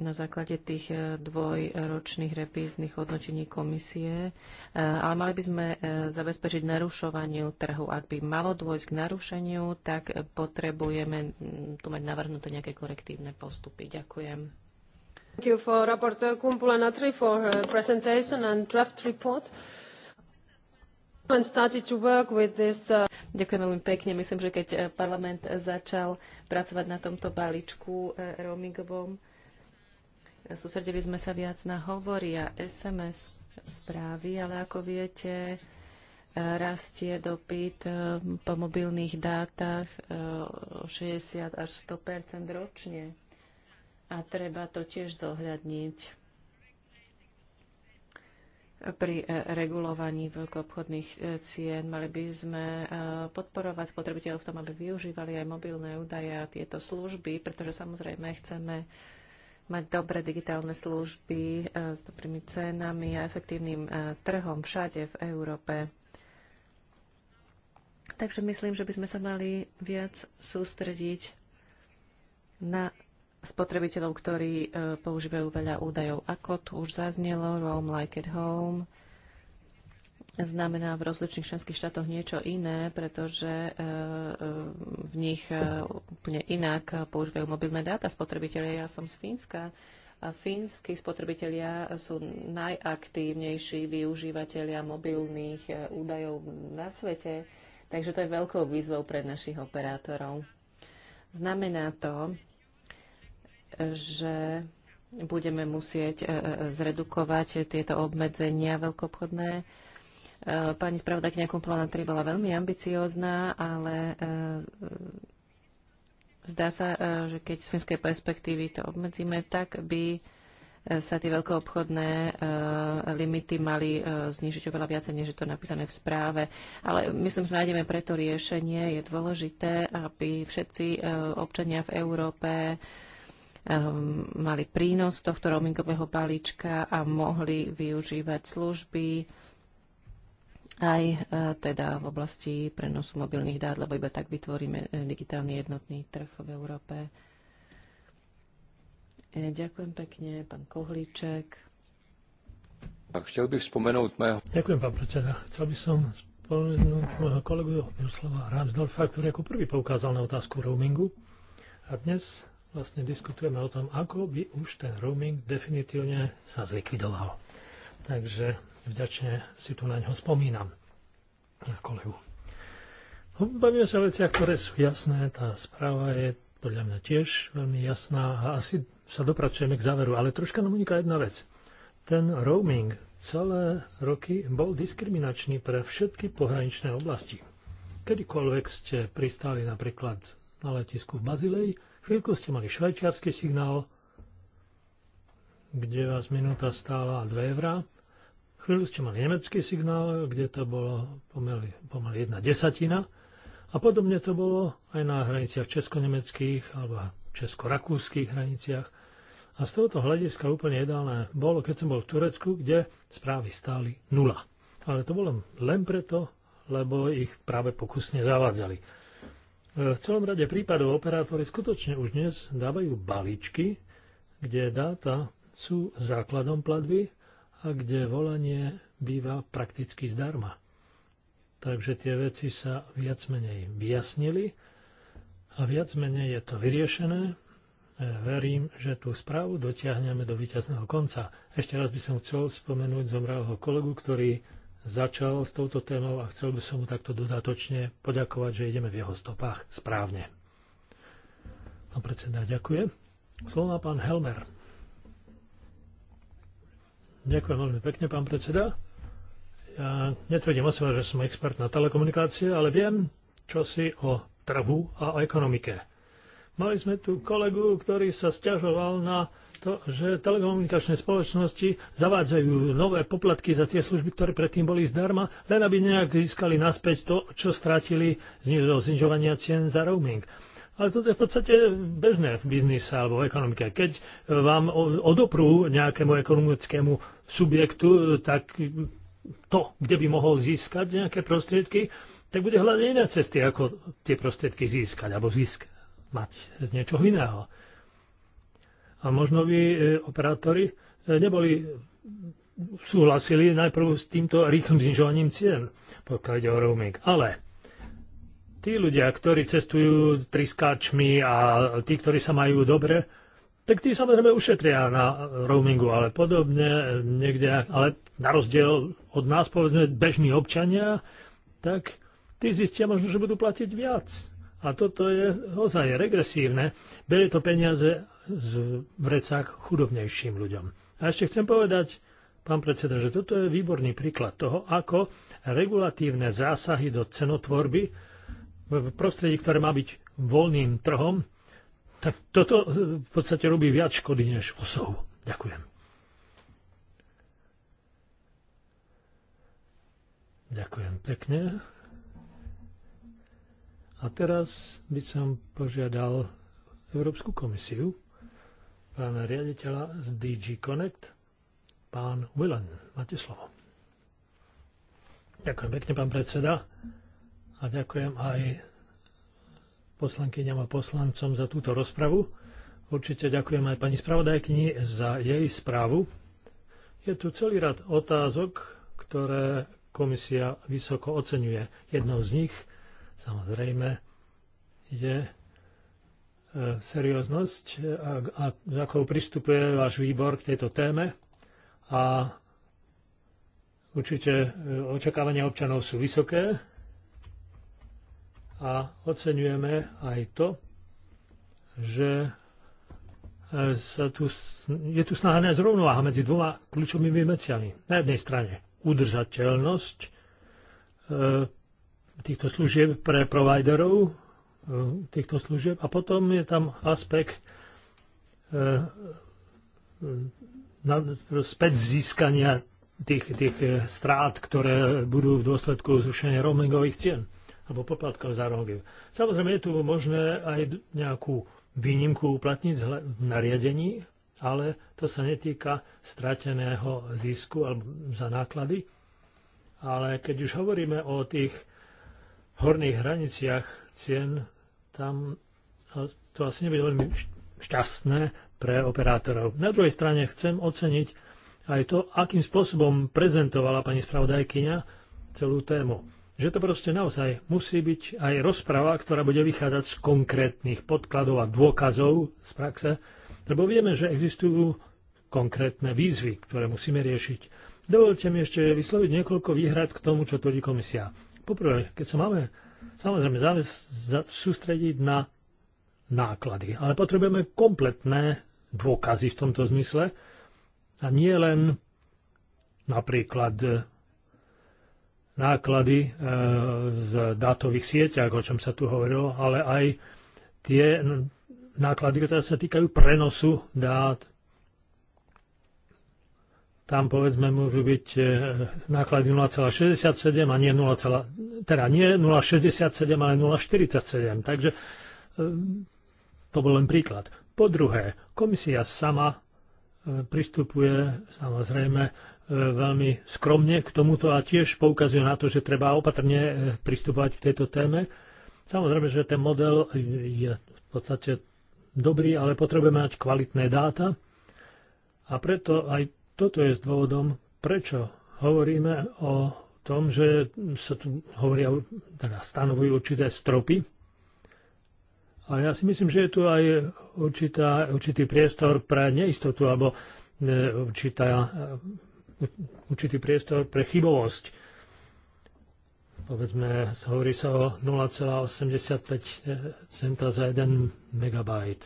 na základe tých e, dvojročných repíznych hodnotení komisie, e, ale mali by sme e, zabezpečiť narušovaniu trhu. Ak by malo dôjsť k narušeniu, tak potrebujeme tu mať navrhnuté nejaké korektívne postupy. Ďakujem. Thank you for Rapporteur Kumpula Natri for her presentation and draft report. Uh, Ďakujem veľmi pekne. Myslím, že keď parlament začal pracovať na tomto balíčku roamingovom, Sústredili sme sa viac na hovory a SMS správy, ale ako viete, e, rastie dopyt e, po mobilných dátach e, o 60 až 100 ročne. A treba to tiež zohľadniť pri regulovaní veľkoobchodných cien. Mali by sme podporovať spotrebiteľov v tom, aby využívali aj mobilné údaje a tieto služby, pretože samozrejme chceme mať dobré digitálne služby eh, s dobrými cenami a efektívnym eh, trhom všade v Európe. Takže myslím, že by sme sa mali viac sústrediť na spotrebiteľov, ktorí eh, používajú veľa údajov. Ako tu už zaznelo, Roam Like at Home – znamená v rozličných členských štátoch niečo iné, pretože e, e, v nich e, úplne inak používajú mobilné dáta spotrebitelia. Ja som z Fínska a fínsky spotrebitelia sú najaktívnejší využívateľia mobilných údajov na svete, takže to je veľkou výzvou pre našich operátorov. Znamená to, že budeme musieť zredukovať tieto obmedzenia veľkoobchodné Eh, pani spravodajkňa Kumplová bola veľmi ambiciózna, ale eh, zdá sa, eh, že keď z finskej perspektívy to obmedzíme, tak by sa tie veľkoobchodné limity mali znižiť oveľa viacej, než je to napísané v správe. Ale myslím, že nájdeme preto riešenie. Je dôležité, aby všetci občania v Európe mali prínos tohto roamingového balíčka a mohli využívať služby, aj e, teda v oblasti prenosu mobilných dát, lebo iba tak vytvoríme e, digitálny jednotný trh v Európe. E, ďakujem pekne, pán Kohlíček. chcel bych spomenúť mého... Ďakujem, pán predseda. Chcel by som spomenúť môjho kolegu Miroslava Ramsdorfa, ktorý ako prvý poukázal na otázku roamingu. A dnes vlastne diskutujeme o tom, ako by už ten roaming definitívne sa zlikvidoval. Takže vďačne si tu na ňo spomínam, na kolegu. No, bavíme sa o veciach, ktoré sú jasné, tá správa je podľa mňa tiež veľmi jasná a asi sa dopracujeme k záveru, ale troška nám uniká jedna vec. Ten roaming celé roky bol diskriminačný pre všetky pohraničné oblasti. Kedykoľvek ste pristali napríklad na letisku v Bazileji, chvíľku ste mali švajčiarsky signál, kde vás minúta stála 2 eurá Chvíľu ste mali nemecký signál, kde to bolo pomaly, pomaly jedna desatina. A podobne to bolo aj na hraniciach česko-nemeckých alebo česko-rakúskych hraniciach. A z tohoto hľadiska úplne ideálne bolo, keď som bol v Turecku, kde správy stáli nula. Ale to bolo len preto, lebo ich práve pokusne zavádzali. E, v celom rade prípadov operátori skutočne už dnes dávajú balíčky, kde dáta sú základom platby a kde volanie býva prakticky zdarma. Takže tie veci sa viac menej vyjasnili a viac menej je to vyriešené. E, verím, že tú správu dotiahneme do víťazného konca. Ešte raz by som chcel spomenúť zomrávho kolegu, ktorý začal s touto témou a chcel by som mu takto dodatočne poďakovať, že ideme v jeho stopách správne. Pán predseda, ďakujem. Slovo má pán Helmer. Ďakujem veľmi pekne, pán predseda. Ja netvrdím o že som expert na telekomunikácie, ale viem, čo si o trhu a o ekonomike. Mali sme tu kolegu, ktorý sa stiažoval na to, že telekomunikačné spoločnosti zavádzajú nové poplatky za tie služby, ktoré predtým boli zdarma, len aby nejak získali naspäť to, čo strátili z znižovania cien za roaming. Ale toto je v podstate bežné v biznise alebo v ekonomike. Keď vám odoprú nejakému ekonomickému subjektu, e, tak to, kde by mohol získať nejaké prostriedky, tak bude hľadať iné cesty, ako tie prostriedky získať alebo zisk mať z niečoho iného. A možno by e, operátori e, neboli súhlasili najprv s týmto rýchlym znižovaním cien, pokiaľ ide o roaming. Ale tí ľudia, ktorí cestujú triskáčmi a tí, ktorí sa majú dobre, tak tí samozrejme ušetria na roamingu, ale podobne niekde, ale na rozdiel od nás, povedzme, bežní občania, tak tí zistia možno, že budú platiť viac. A toto je ozaj regresívne. Berie to peniaze z vrecák chudobnejším ľuďom. A ešte chcem povedať, pán predseda, že toto je výborný príklad toho, ako regulatívne zásahy do cenotvorby v prostredí, ktoré má byť voľným trhom, tak toto eh, v podstate robí viac škody než osohu. Ďakujem. Ďakujem pekne. A teraz by som požiadal Európsku komisiu, pána riaditeľa z DG Connect, pán Willen. Máte slovo. Ďakujem pekne, pán predseda a ďakujem aj poslankyňam a poslancom za túto rozpravu. Určite ďakujem aj pani spravodajkyni za jej správu. Je tu celý rad otázok, ktoré komisia vysoko oceňuje. Jednou z nich samozrejme je e, serióznosť, a, akou pristupuje váš výbor k tejto téme a určite e, očakávania občanov sú vysoké a oceňujeme aj to, že e, sa tu, je tu snaha nájsť rovnováha medzi dvoma kľúčovými veciami. Na jednej strane udržateľnosť e, týchto služieb pre providerov, e, týchto služieb a potom je tam aspekt e, e na, späť získania tých, tých e, strát, ktoré budú v dôsledku zrušenia roamingových cien alebo poplatkov za rohy. Samozrejme je tu možné aj nejakú výnimku uplatniť v nariadení, ale to sa netýka strateného zisku alebo za náklady. Ale keď už hovoríme o tých horných hraniciach cien, tam to asi nebude veľmi šťastné pre operátorov. Na druhej strane chcem oceniť aj to, akým spôsobom prezentovala pani spravodajkyňa celú tému že to proste naozaj musí byť aj rozprava, ktorá bude vychádzať z konkrétnych podkladov a dôkazov z praxe, lebo vieme, že existujú konkrétne výzvy, ktoré musíme riešiť. Dovolte mi ešte vysloviť niekoľko výhrad k tomu, čo tvrdí komisia. Poprvé, keď sa máme samozrejme sústrediť na náklady, ale potrebujeme kompletné dôkazy v tomto zmysle a nie len napríklad náklady eh, z dátových sieťach, o čom sa tu hovorilo, ale aj tie náklady, ktoré sa týkajú prenosu dát. Tam povedzme môžu byť eh, náklady 0,67 a nie 0, teda nie 0,67, ale 0,47. Takže eh, to bol len príklad. Po druhé, komisia sama pristupuje samozrejme E, veľmi skromne k tomuto a tiež poukazuje na to, že treba opatrne e, pristupovať k tejto téme. Samozrejme, že ten model je v podstate dobrý, ale potrebujeme mať kvalitné dáta a preto aj toto je s dôvodom, prečo hovoríme o tom, že sa tu hovoria, teda stanovujú určité stropy. Ale ja si myslím, že je tu aj určitá, určitý priestor pre neistotu alebo e, určitá určitý priestor pre chybovosť. Povedzme, hovorí sa o 0,85 centa za 1 megabajt.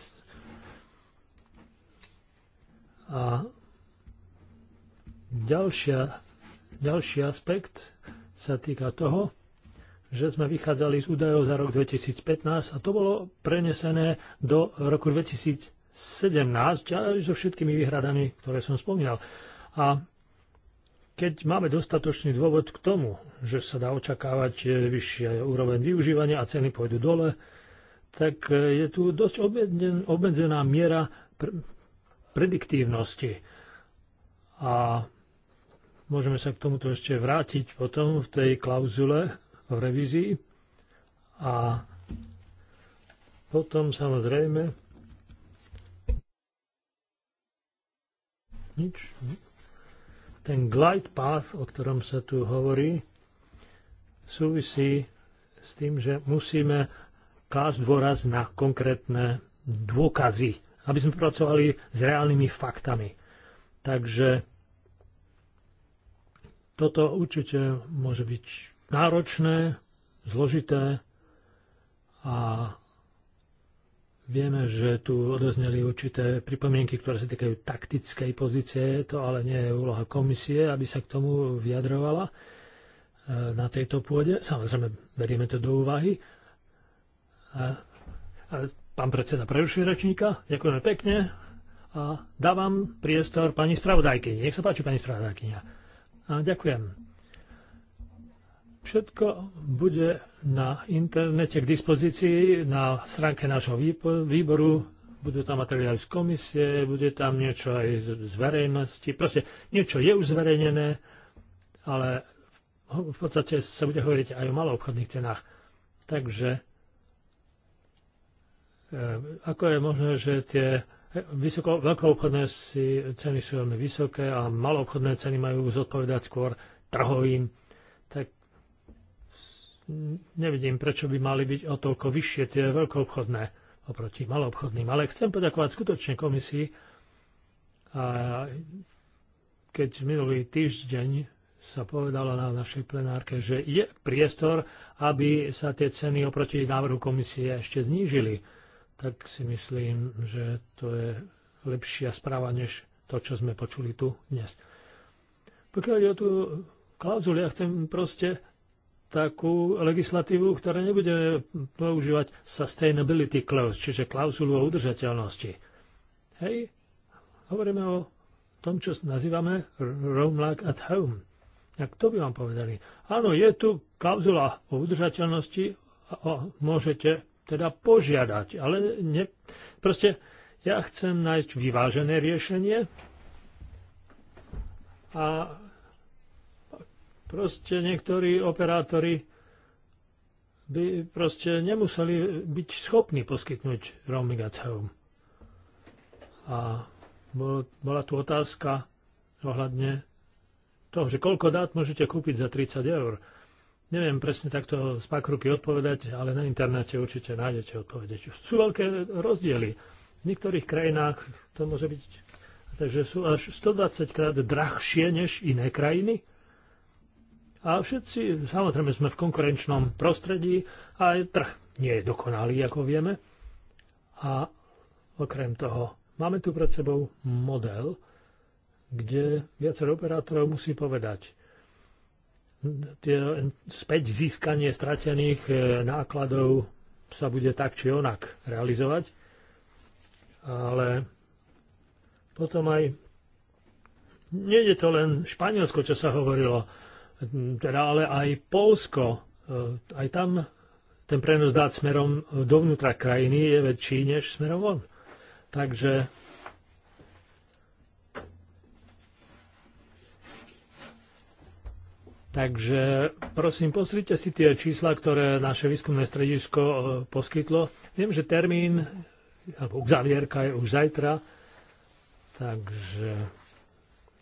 A ďalšia, ďalší aspekt sa týka toho, že sme vychádzali z údajov za rok 2015 a to bolo prenesené do roku 2017 so všetkými výhradami, ktoré som spomínal. A keď máme dostatočný dôvod k tomu, že sa dá očakávať eh, vyššia úroveň využívania a ceny pôjdu dole, tak eh, je tu dosť obmedzená miera pr- prediktívnosti. A môžeme sa k tomuto ešte vrátiť potom v tej klauzule v revízii. A potom samozrejme nič. nič ten glide path, o ktorom sa tu hovorí, súvisí s tým, že musíme klásť dôraz na konkrétne dôkazy, aby sme pracovali s reálnymi faktami. Takže toto určite môže byť náročné, zložité a Vieme, že tu odozneli určité pripomienky, ktoré sa týkajú taktickej pozície, to ale nie je úloha komisie, aby sa k tomu vyjadrovala e, na tejto pôde. Samozrejme, berieme to do úvahy. A, a pán predseda prerušuje rečníka. Ďakujeme pekne a dávam priestor pani spravodajkyni. Nech sa páči, pani spravodajkynia. A ďakujem. Všetko bude na internete k dispozícii, na stránke nášho výboru. Budú tam materiály z komisie, bude tam niečo aj z verejnosti. Proste niečo je už zverejnené, ale v podstate sa bude hovoriť aj o maloobchodných cenách. Takže e, ako je možné, že tie vysoko, veľkoobchodné si, ceny sú veľmi vysoké a maloobchodné ceny majú zodpovedať skôr trhovým, tak nevidím, prečo by mali byť o toľko vyššie tie veľkoobchodné oproti maloobchodným. Ale chcem poďakovať skutočne komisii. A keď minulý týždeň sa povedalo na našej plenárke, že je priestor, aby sa tie ceny oproti návrhu komisie ešte znížili, tak si myslím, že to je lepšia správa, než to, čo sme počuli tu dnes. Pokiaľ je o tú klauzuli, ja chcem proste takú legislatívu, ktorá nebude používať sustainability clause, čiže klauzulu o udržateľnosti. Hej, hovoríme o tom, čo nazývame Rome like at home. A to by vám povedali? Áno, je tu klauzula o udržateľnosti, o, môžete teda požiadať, ale ne, proste ja chcem nájsť vyvážené riešenie a Proste niektorí operátori by proste nemuseli byť schopní poskytnúť roaming at home. A bola tu otázka ohľadne toho, že koľko dát môžete kúpiť za 30 eur. Neviem presne takto z ruky odpovedať, ale na internete určite nájdete odpovede. Sú veľké rozdiely. V niektorých krajinách to môže byť, takže sú až 120 krát drahšie než iné krajiny. A všetci, samozrejme, sme v konkurenčnom prostredí a aj trh nie je dokonalý, ako vieme. A okrem toho, máme tu pred sebou model, kde viacero operátorov musí povedať, späť získanie stratených e, nákladov sa bude tak či onak realizovať, ale potom aj nie je to len Španielsko, čo sa hovorilo, Hm, teda ale aj Polsko, eh, aj tam ten prenos dát smerom eh, dovnútra krajiny je väčší než smerom von. Takže Takže prosím, pozrite si tie čísla, ktoré naše výskumné stredisko eh, poskytlo. Viem, že termín alebo uzavierka je už zajtra, takže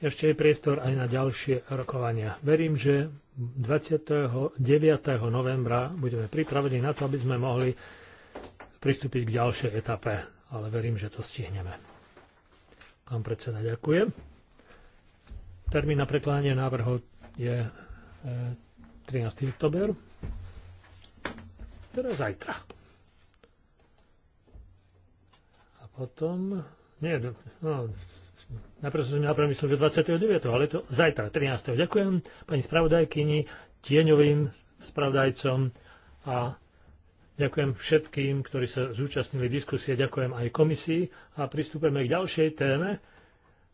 ešte je priestor aj na ďalšie rokovania. Verím, že 29. novembra budeme pripravení na to, aby sme mohli pristúpiť k ďalšej etape, ale verím, že to stihneme. Pán predseda, ďakujem. Termín na prekladanie návrhov je 13. E, oktober, Teraz zajtra. A potom, nie, no, Najprv som mal premyslel, že 29. ale to zajtra, 13. Ďakujem pani spravodajkyni, tieňovým spravodajcom a ďakujem všetkým, ktorí sa zúčastnili diskusie, ďakujem aj komisii a pristúpeme k ďalšej téme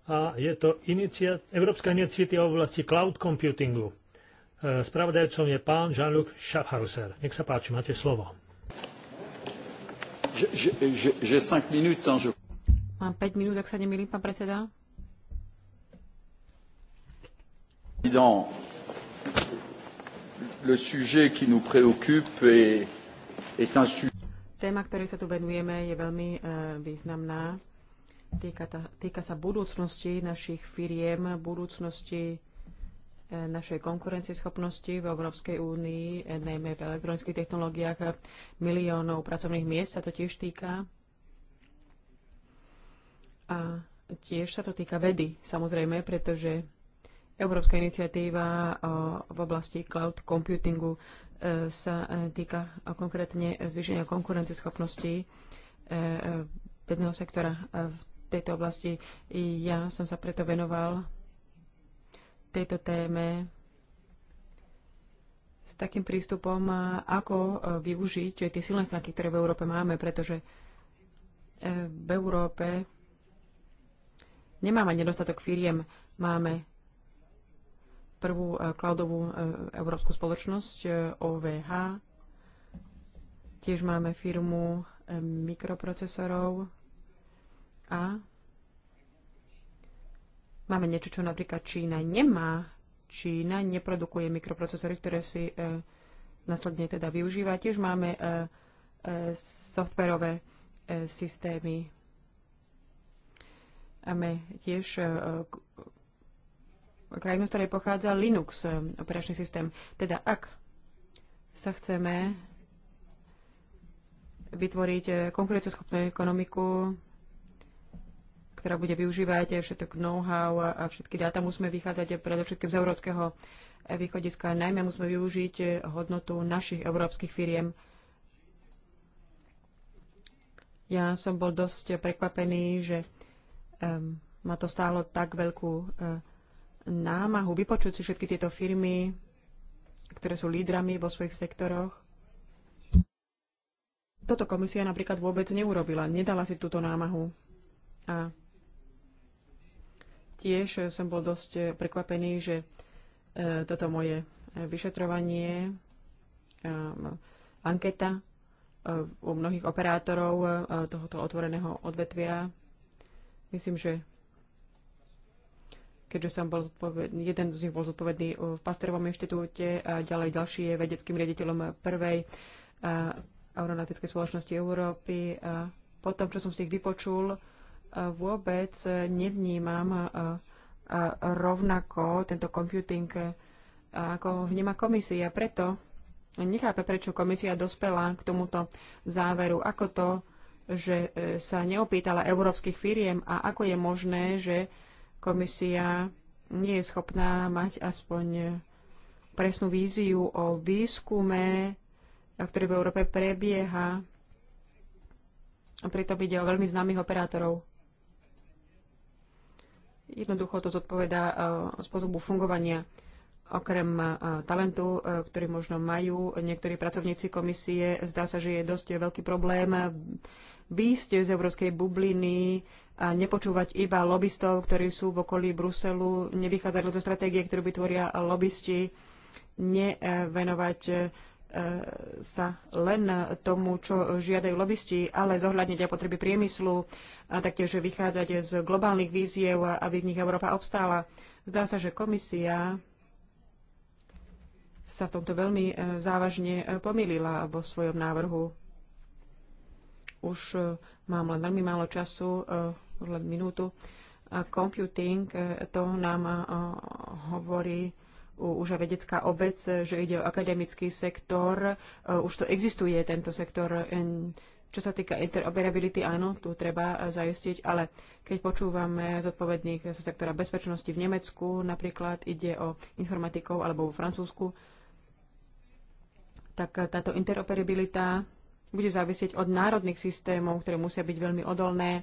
a je to inicia- Európska iniciatíva v oblasti cloud computingu. E, spravodajcom je pán Jean-Luc Schaffhauser. Nech sa páči, máte slovo. je 5 minút, je... Mám 5 minút, ak sa nemýlim, pán predseda. Téma, ktorej sa tu venujeme, je veľmi e, významná. Týka, ta, týka sa budúcnosti našich firiem, budúcnosti e, našej konkurencieschopnosti v Európskej únii, e, najmä v elektronických technológiách. Miliónov pracovných miest sa to tiež týka. A tiež sa to týka vedy, samozrejme, pretože Európska iniciatíva v oblasti cloud computingu e, sa e, týka konkrétne zvýšenia konkurenceschopnosti e, vedného sektora v tejto oblasti. Ja som sa preto venoval tejto téme s takým prístupom, ako využiť tie silné stránky, ktoré v Európe máme, pretože v Európe nemáme nedostatok firiem, máme prvú e, cloudovú e, európsku spoločnosť e, OVH, tiež máme firmu mikroprocesorov a máme niečo, čo napríklad Čína nemá. Čína neprodukuje mikroprocesory, ktoré si následne teda využíva. Tiež máme softverové systémy Máme tiež e, e, krajinu, z ktorej pochádza Linux e, operačný systém. Teda ak sa chceme vytvoriť konkurenceschopnú ekonomiku, ktorá bude využívať všetok know-how a všetky dáta, musíme vychádzať predovšetkým z európskeho východiska. Najmä musíme využiť hodnotu našich európskych firiem. Ja som bol dosť prekvapený, že ma to stálo tak veľkú e, námahu vypočuť si všetky tieto firmy, ktoré sú lídrami vo svojich sektoroch. Toto komisia napríklad vôbec neurobila, nedala si túto námahu. A tiež som bol dosť prekvapený, že e, toto moje vyšetrovanie, anketa e, u mnohých operátorov tohoto otvoreného odvetvia Myslím, že keďže som bol zodpovedný, jeden z nich bol zodpovedný e, v Pasterovom inštitúte a ďalej ďalší je vedeckým riaditeľom prvej e, aeronautickej spoločnosti Európy. A e, po tom, čo som si ich vypočul, vôbec nevnímam rovnako tento computing ako vníma komisia. Preto nechápe, prečo komisia dospela k tomuto záveru, ako to že e, sa neopýtala európskych firiem a ako je možné, že komisia nie je schopná mať aspoň presnú víziu o výskume, ktorý v Európe prebieha. A pritom ide o veľmi známych operátorov. Jednoducho to zodpovedá e, spôsobu fungovania Okrem talentu, e, ktorý možno majú niektorí pracovníci komisie, zdá sa, že je dosť veľký problém výjsť z európskej bubliny a nepočúvať iba lobbystov, ktorí sú v okolí Bruselu, nevychádzať zo stratégie, ktorú by tvoria lobbysti, nevenovať e, sa len tomu, čo žiadajú lobbysti, ale zohľadniť aj potreby priemyslu a taktiež vychádzať z globálnych víziev, aby v nich Európa obstála. Zdá sa, že komisia sa v tomto veľmi e, závažne e, pomýlila vo svojom návrhu. Už e, mám len veľmi málo času, len minútu. Computing, to nám hovorí už aj vedecká obec, že ide o akademický sektor. Už to existuje, tento sektor. Čo sa týka interoperability, áno, tu treba zajistiť, ale keď počúvame zodpovedných z sektora bezpečnosti v Nemecku, napríklad ide o informatikov alebo vo Francúzsku, tak eh, táto interoperabilita bude závisieť od národných systémov, ktoré musia byť veľmi odolné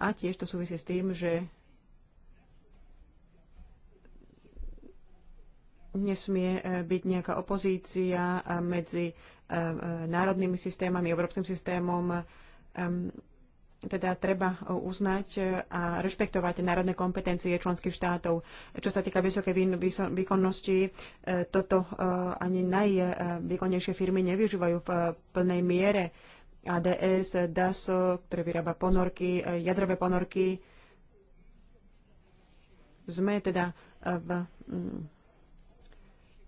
a tiež to súvisí s tým, že nesmie eh, byť nejaká opozícia eh, medzi národnými systémami, európskym systémom. Ehm, teda treba e, uznať e, a rešpektovať národné kompetencie členských štátov. Čo sa týka vysokej výkonnosti, e, toto ani najvýkonnejšie firmy nevyužívajú v plnej miere. ADS, DASO, ktoré vyrába ponorky, jadrové ponorky. Sme teda v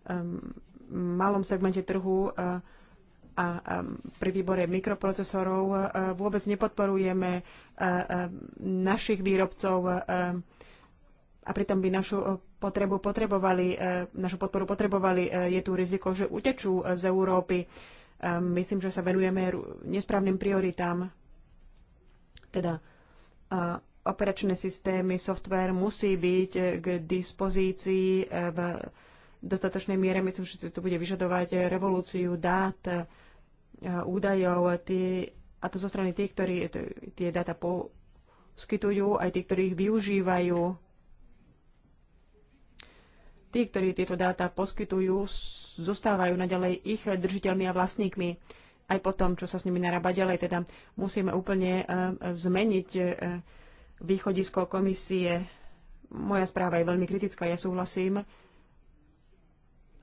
mm, malom segmente trhu a pri výbore mikroprocesorov e, vôbec nepodporujeme e, e, našich výrobcov a pritom by našu potrebu potrebovali, našu podporu potrebovali. Je tu riziko, že utečú z Európy. Myslím, že sa venujeme nesprávnym prioritám. Teda operačné systémy, software musí byť k dispozícii v dostatočnej miere. Myslím, že to bude vyžadovať revolúciu dát Eh, údajov, tí, a to zo strany tých, ktorí tie dáta poskytujú, aj tí, ktorí ich využívajú. Tí, ktorí tieto dáta poskytujú, zostávajú naďalej ich držiteľmi a vlastníkmi aj po tom, čo sa s nimi narába ďalej. Teda musíme úplne eh, zmeniť eh, východisko komisie. Moja správa je veľmi kritická, ja súhlasím,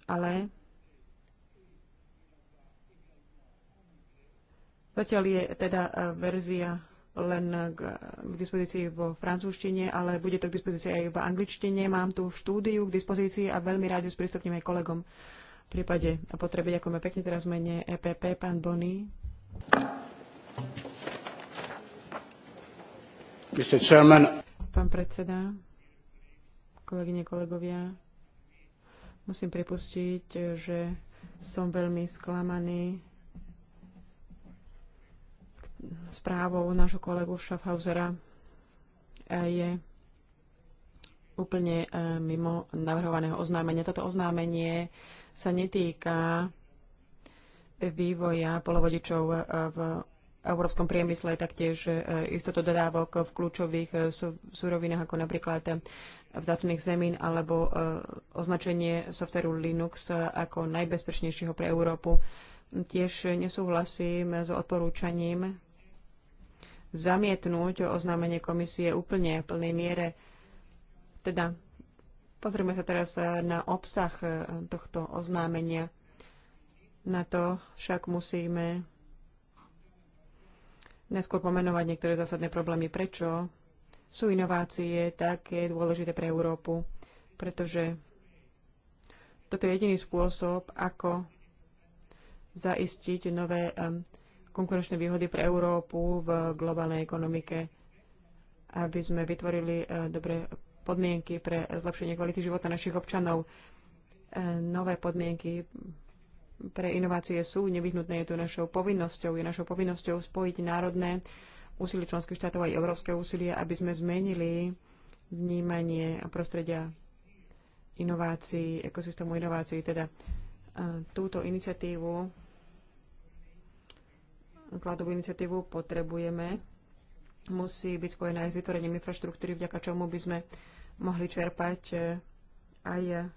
ale Zatiaľ je teda e, verzia len k, k dispozícii vo francúzštine, ale bude to k dispozícii aj v angličtine. Mám tu štúdiu k dispozícii a veľmi rád ju sprístupním aj kolegom v prípade a potreby. Ďakujeme pekne teraz mene EPP, pán Bonny. Mr. Chairman. Pán predseda, kolegyne, kolegovia, musím pripustiť, že som veľmi sklamaný správou nášho kolegu Schaffhausera eh, je úplne eh, mimo navrhovaného oznámenia. Toto oznámenie sa netýka vývoja polovodičov eh, v európskom priemysle, taktiež istoto dodávok v kľúčových súrovinách, ako napríklad vzatných zemín, alebo označenie softveru Linux ako najbezpečnejšieho pre Európu. Tiež nesúhlasím s odporúčaním zamietnúť oznámenie komisie úplne v plnej miere. Teda pozrieme sa teraz e, na obsah e, tohto oznámenia. Na to však musíme neskôr pomenovať niektoré zásadné problémy. Prečo sú inovácie také dôležité pre Európu? Pretože toto je jediný spôsob, ako zaistiť nové um, konkurenčné výhody pre Európu v globálnej ekonomike, aby sme vytvorili e, dobré podmienky pre zlepšenie kvality života našich občanov. E, nové podmienky pre inovácie sú nevyhnutné, je to našou povinnosťou, je našou povinnosťou spojiť národné úsilie členských štátov aj európske úsilie, aby sme zmenili vnímanie prostredia inovácií, ekosystému inovácií, teda e, túto iniciatívu kladovú iniciatívu potrebujeme, musí byť spojená aj s vytvorením infraštruktúry, vďaka čomu by sme mohli čerpať eh, aj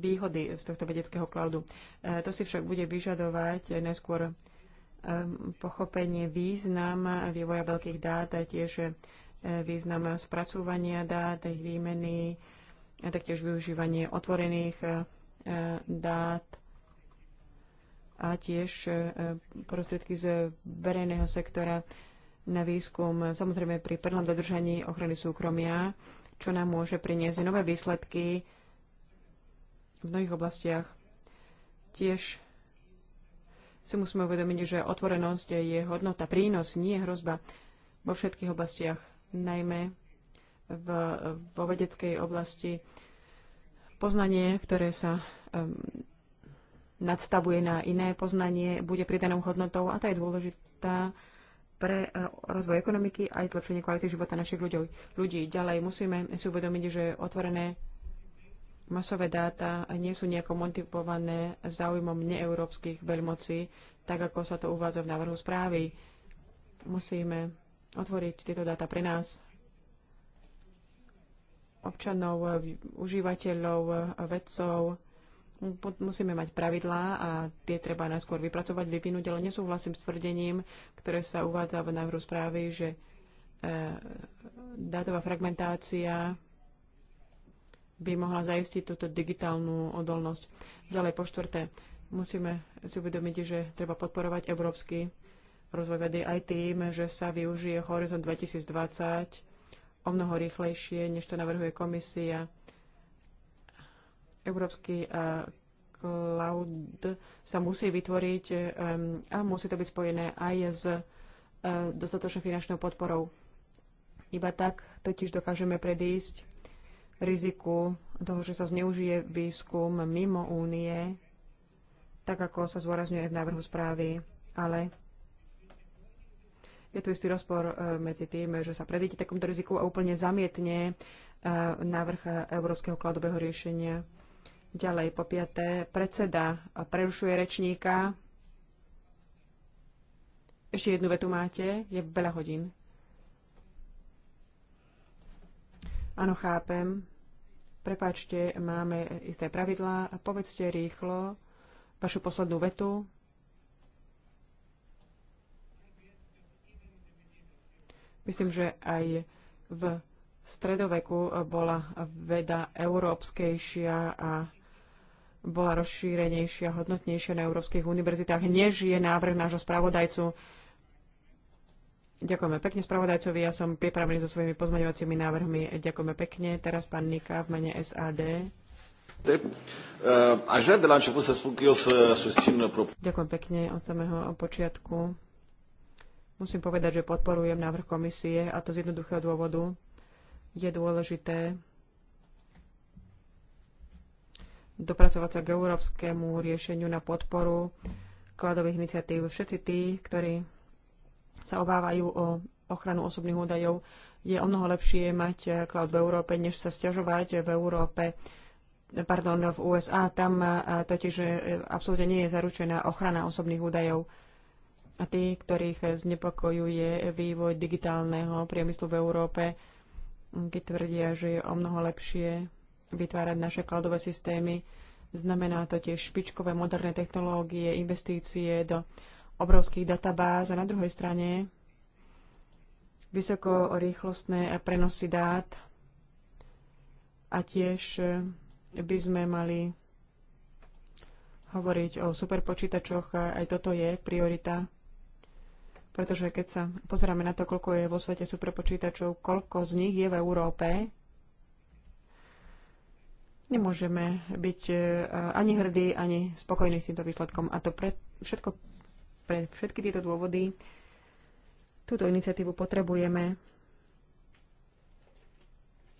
výhody z tohto vedeckého cloudu. Eh, to si však bude vyžadovať eh, najskôr ehm, pochopenie význam vývoja veľkých dát a tiež význam spracúvania dát, ich výmeny, a taktiež využívanie otvorených dát a tiež e, e, prostriedky z verejného sektora na výskum, samozrejme pri plnom dodržaní ochrany súkromia, čo nám môže priniesť nové výsledky v mnohých oblastiach. Tiež si musíme uvedomiť, že otvorenosť je hodnota, prínos, nie hrozba vo všetkých oblastiach, najmä v, vo vedeckej oblasti. Poznanie, ktoré sa um, nadstavuje na iné poznanie, bude pridanou hodnotou a tá je dôležitá pre e, rozvoj ekonomiky aj zlepšenie kvality života našich ľudí. ľudí. Ďalej musíme si uvedomiť, že otvorené masové dáta nie sú nejako motivované záujmom neeurópskych veľmocí, tak ako sa to uvádza v návrhu správy. Musíme otvoriť tieto dáta pre nás, občanov, užívateľov, vedcov, musíme mať pravidlá a tie treba najskôr vypracovať, vyvinúť, ale nesúhlasím s tvrdením, ktoré sa uvádza v návrhu správy, že e, dátová fragmentácia by mohla zaistiť túto digitálnu odolnosť. Ďalej po štvrté, musíme si uvedomiť, že treba podporovať európsky rozvoj vedy aj tým, že sa využije Horizon 2020 o mnoho rýchlejšie, než to navrhuje komisia Európsky eh, cloud sa musí vytvoriť eh, a musí to byť spojené aj s eh, dostatočnou finančnou podporou. Iba tak totiž dokážeme predísť riziku toho, že sa zneužije výskum mimo únie, tak ako sa zvorazňuje v návrhu správy, ale je tu istý rozpor medzi tým, že sa predíde takomto riziku a úplne zamietne návrh európskeho kladového riešenia Ďalej, po piaté, predseda prerušuje rečníka. Ešte jednu vetu máte, je veľa hodín. Áno, chápem. Prepáčte, máme isté pravidlá. Povedzte rýchlo vašu poslednú vetu. Myslím, že aj v stredoveku bola veda európskejšia a bola rozšírenejšia, hodnotnejšia na európskych univerzitách, než je návrh nášho spravodajcu. Ďakujeme pekne spravodajcovi, ja som pripravený so svojimi pozmaňovacími návrhmi. Ďakujeme pekne. Teraz pán Nika v mene SAD. Eh, Ďakujem pekne od samého počiatku. Musím povedať, že podporujem návrh komisie a to z jednoduchého dôvodu. Je dôležité, dopracovať sa k európskemu riešeniu na podporu kladových iniciatív. Všetci tí, ktorí sa obávajú o ochranu osobných údajov, je o mnoho lepšie mať cloud v Európe, než sa stiažovať v Európe, pardon, v USA. Tam e, totiž e, absolútne nie je zaručená ochrana osobných údajov. A tí, ktorých znepokojuje vývoj digitálneho priemyslu v Európe, keď tvrdia, že je o mnoho lepšie vytvárať naše kladové systémy. Znamená to tiež špičkové moderné technológie, investície do obrovských databáz a na druhej strane vysoko rýchlostné prenosy dát a tiež e, by sme mali hovoriť o superpočítačoch. a Aj toto je priorita, pretože keď sa pozeráme na to, koľko je vo svete superpočítačov, koľko z nich je v Európe, Nemôžeme byť e, ani hrdí, ani spokojní s týmto výsledkom. A to pre, všetko, pre všetky tieto dôvody túto iniciatívu potrebujeme,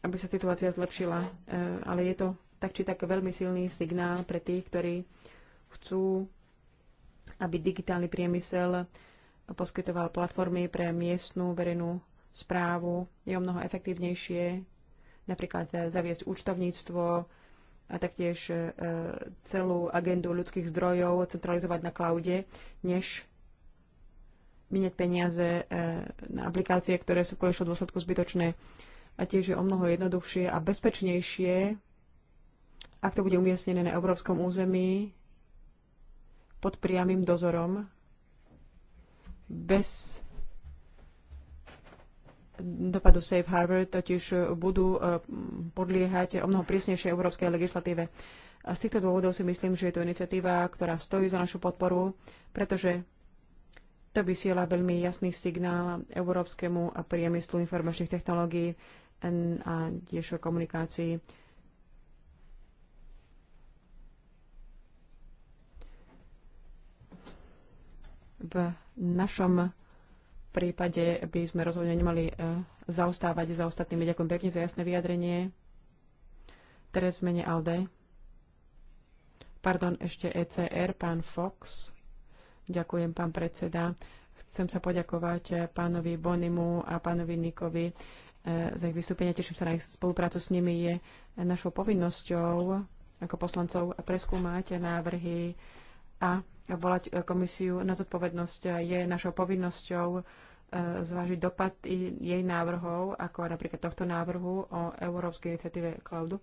aby sa situácia zlepšila. E, ale je to tak či tak veľmi silný signál pre tých, ktorí chcú, aby digitálny priemysel poskytoval platformy pre miestnú verejnú správu. Je o mnoho efektívnejšie napríklad e, zaviesť účtovníctvo, a taktiež e, celú agendu ľudských zdrojov centralizovať na cloude, než minieť peniaze e, na aplikácie, ktoré sú v konečnom dôsledku zbytočné. A tiež je o mnoho jednoduchšie a bezpečnejšie, ak to bude umiestnené na európskom území pod priamým dozorom, bez dopadu Safe Harbor totiž e, budú e, podliehať o mnoho prísnejšej európskej legislatíve. A z týchto dôvodov si myslím, že je to iniciatíva, ktorá stojí za našu podporu, pretože to vysiela veľmi jasný signál európskemu a priemyslu informačných technológií a tiež o komunikácii. V našom prípade by sme rozhodne nemali e, zaostávať za ostatnými. Ďakujem pekne za jasné vyjadrenie. Teraz mene Alde. Pardon, ešte ECR, pán Fox. Ďakujem, pán predseda. Chcem sa poďakovať e, pánovi Bonimu a pánovi Nikovi e, za ich vystúpenie. Teším sa na ich spoluprácu s nimi. Je našou povinnosťou ako poslancov preskúmať návrhy a volať e, komisiu na zodpovednosť e, je našou povinnosťou e, zvážiť dopad jej návrhov, ako napríklad tohto návrhu o Európskej iniciatíve Cloudu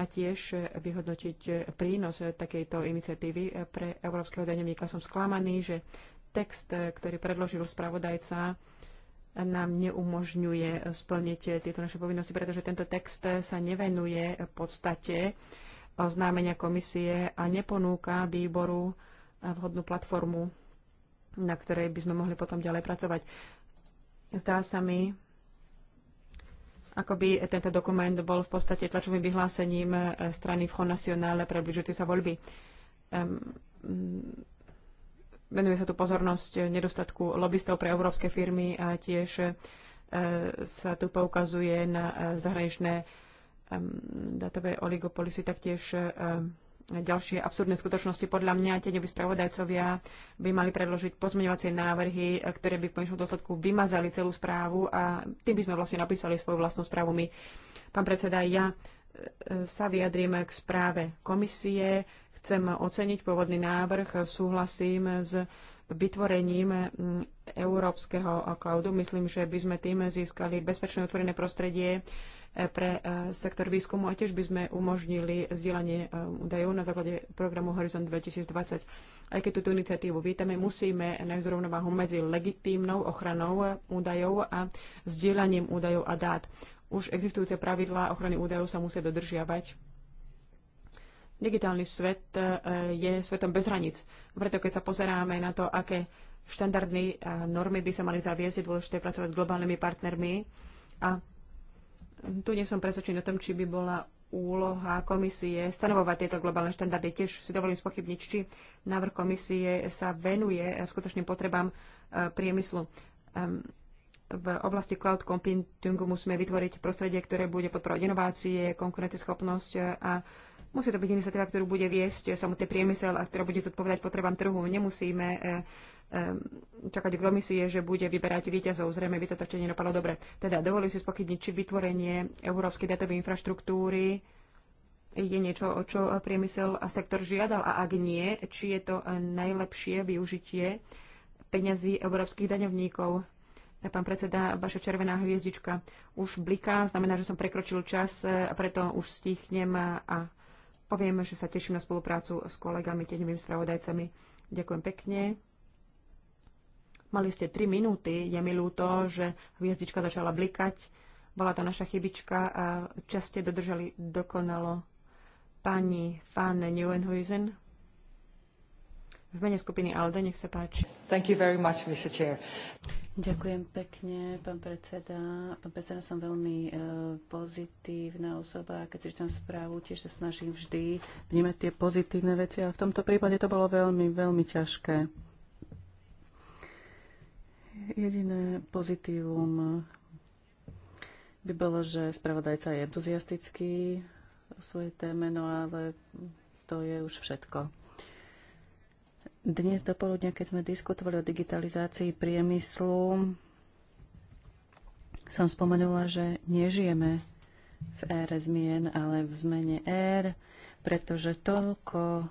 a tiež vyhodnotiť prínos takejto iniciatívy pre Európskeho daňovníka. Som sklamaný, že text, ktorý predložil spravodajca, nám neumožňuje splniť tieto naše povinnosti, pretože tento text sa nevenuje v podstate oznámenia komisie a neponúka výboru vhodnú platformu, na ktorej by sme mohli potom ďalej pracovať. Zdá sa mi, ako by tento dokument bol v podstate tlačovým vyhlásením eh, strany v National pre blížujúci sa voľby. Mm, venuje sa tu pozornosť nedostatku lobbystov pre európske firmy a tiež eh, sa tu poukazuje na eh, zahraničné datové oligopolisy, taktiež ďalšie absurdné skutočnosti. Podľa mňa tie spravodajcovia by mali predložiť pozmeňovacie návrhy, ktoré by v konečnom dôsledku vymazali celú správu a tým by sme vlastne napísali svoju vlastnú správu my. Pán predseda, ja e, sa vyjadrím k správe komisie. Chcem oceniť pôvodný návrh, súhlasím s vytvorením mm, európskeho eh, cloudu. Myslím, že by sme tým získali bezpečné otvorené prostredie eh, pre eh, sektor výskumu a tiež by sme umožnili zdieľanie údajov na základe programu Horizon 2020. Aj keď túto iniciatívu vítame, musíme nájsť rovnováhu medzi legitímnou ochranou údajov a zdieľaním údajov a dát. Už existujúce pravidlá ochrany údajov sa musia dodržiavať Digitálny svet e, je svetom bez hraníc. Preto keď sa pozeráme na to, aké štandardy a e, normy by sa mali zaviesť, je dôležité pracovať s globálnymi partnermi. A tu nie som presvedčený o tom, či by bola úloha komisie stanovovať tieto globálne štandardy. Tiež si dovolím spochybniť, či návrh komisie sa venuje skutočným potrebám e, priemyslu. V oblasti cloud computingu musíme vytvoriť prostredie, ktoré bude podporovať inovácie, konkurencieschopnosť a Musí to byť iniciatíva, ktorú bude viesť samotný priemysel a ktorá bude zodpovedať potrebám trhu. Nemusíme e, e, čakať v komisie, že bude vyberať víťazov. Zrejme by to trčenie dopadlo dobre. Teda dovolí si spochybniť, či vytvorenie európskej datovej infraštruktúry je niečo, o čo priemysel a sektor žiadal a ak nie, či je to najlepšie využitie peňazí európskych daňovníkov. Pán predseda, vaša červená hviezdička už bliká, znamená, že som prekročil čas e, a preto už stichnem a poviem, že sa teším na spoluprácu s kolegami, tieňovými spravodajcami. Ďakujem pekne. Mali ste 3 minúty, je mi ľúto, že hviezdička začala blikať. Bola to naša chybička a čas ste dodržali dokonalo. Pani Fane Neuenhuizen. V mene skupiny ALDE, nech sa páči. Thank you very much, Mr. Chair. Ďakujem pekne, pán predseda. Pán predseda, som veľmi e, pozitívna osoba. Keď si tam správu, tiež sa snažím vždy vnímať tie pozitívne veci. ale v tomto prípade to bolo veľmi, veľmi ťažké. Jediné pozitívum by bolo, že spravodajca je entuziastický o svojej téme, no ale to je už všetko. Dnes do poludnia, keď sme diskutovali o digitalizácii priemyslu, som spomenula, že nežijeme v ére zmien, ale v zmene ér, pretože toľko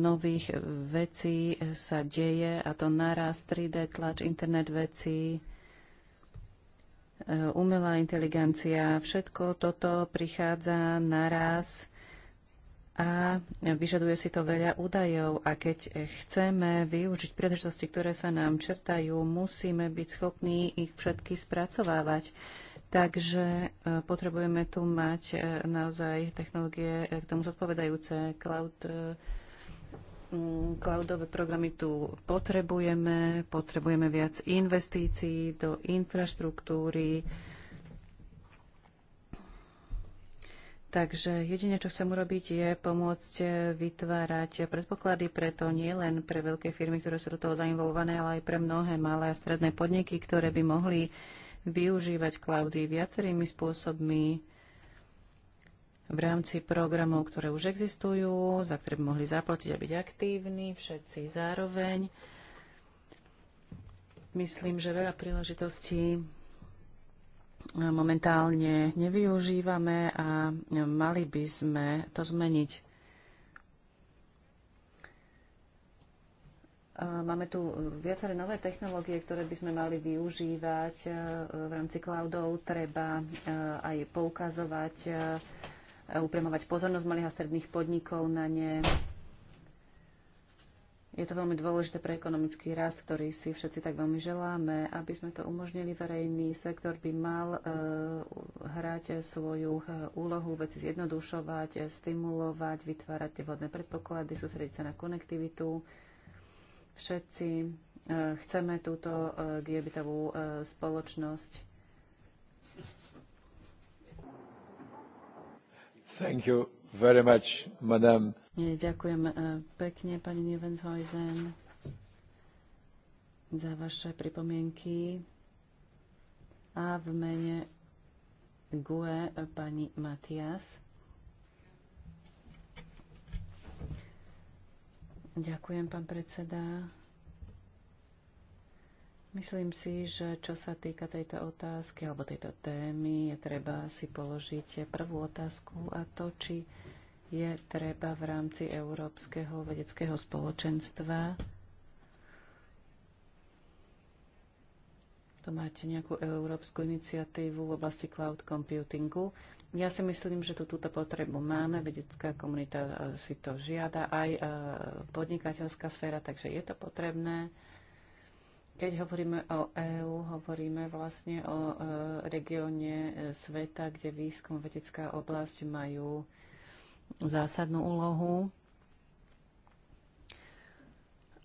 nových vecí sa deje a to naraz 3D tlač, internet vecí, e, umelá inteligencia, všetko toto prichádza naraz a vyžaduje si to veľa údajov a keď chceme využiť príležitosti, ktoré sa nám črtajú, musíme byť schopní ich všetky spracovávať. Takže e, potrebujeme tu mať e, naozaj technológie e, k tomu zodpovedajúce. Cloud, cloudové programy tu potrebujeme, potrebujeme viac investícií do infraštruktúry, Takže jedine, čo chcem urobiť, je pomôcť vytvárať predpoklady preto nie len pre veľké firmy, ktoré sú do toho zainvolované, ale aj pre mnohé malé a stredné podniky, ktoré by mohli využívať cloudy viacerými spôsobmi v rámci programov, ktoré už existujú, za ktoré by mohli zaplatiť a byť aktívni, všetci zároveň. Myslím, že veľa príležitostí momentálne nevyužívame a mali by sme to zmeniť. Máme tu viaceré nové technológie, ktoré by sme mali využívať e, v rámci cloudov. Treba e, aj poukazovať, e, upremovať pozornosť malých a stredných podnikov na ne. Je to veľmi dôležité pre ekonomický rast, ktorý si všetci tak veľmi želáme. Aby sme to umožnili, verejný sektor by mal uh, hrať svoju e, úlohu, veci zjednodušovať, e, stimulovať, vytvárať tie vodné predpoklady, sústrediť sa na konektivitu. Všetci uh, chceme túto uh, giebitovú uh, spoločnosť. Thank you very much, madame. Ďakujem e, pekne, pani Nevenshojzen, za vaše pripomienky. A v mene GUE pani Matias. Ďakujem, pán predseda. Myslím si, že čo sa týka tejto otázky alebo tejto témy, je treba si položiť prvú otázku a to, či je treba v rámci Európskeho vedeckého spoločenstva to máte nejakú európsku iniciatívu v oblasti cloud computingu. Ja si myslím, že tu túto potrebu máme, vedecká komunita e, si to žiada, aj e, podnikateľská sféra, takže je to potrebné. Keď hovoríme o EÚ, hovoríme vlastne o e, regióne sveta, kde výskum, vedecká oblasť majú zásadnú úlohu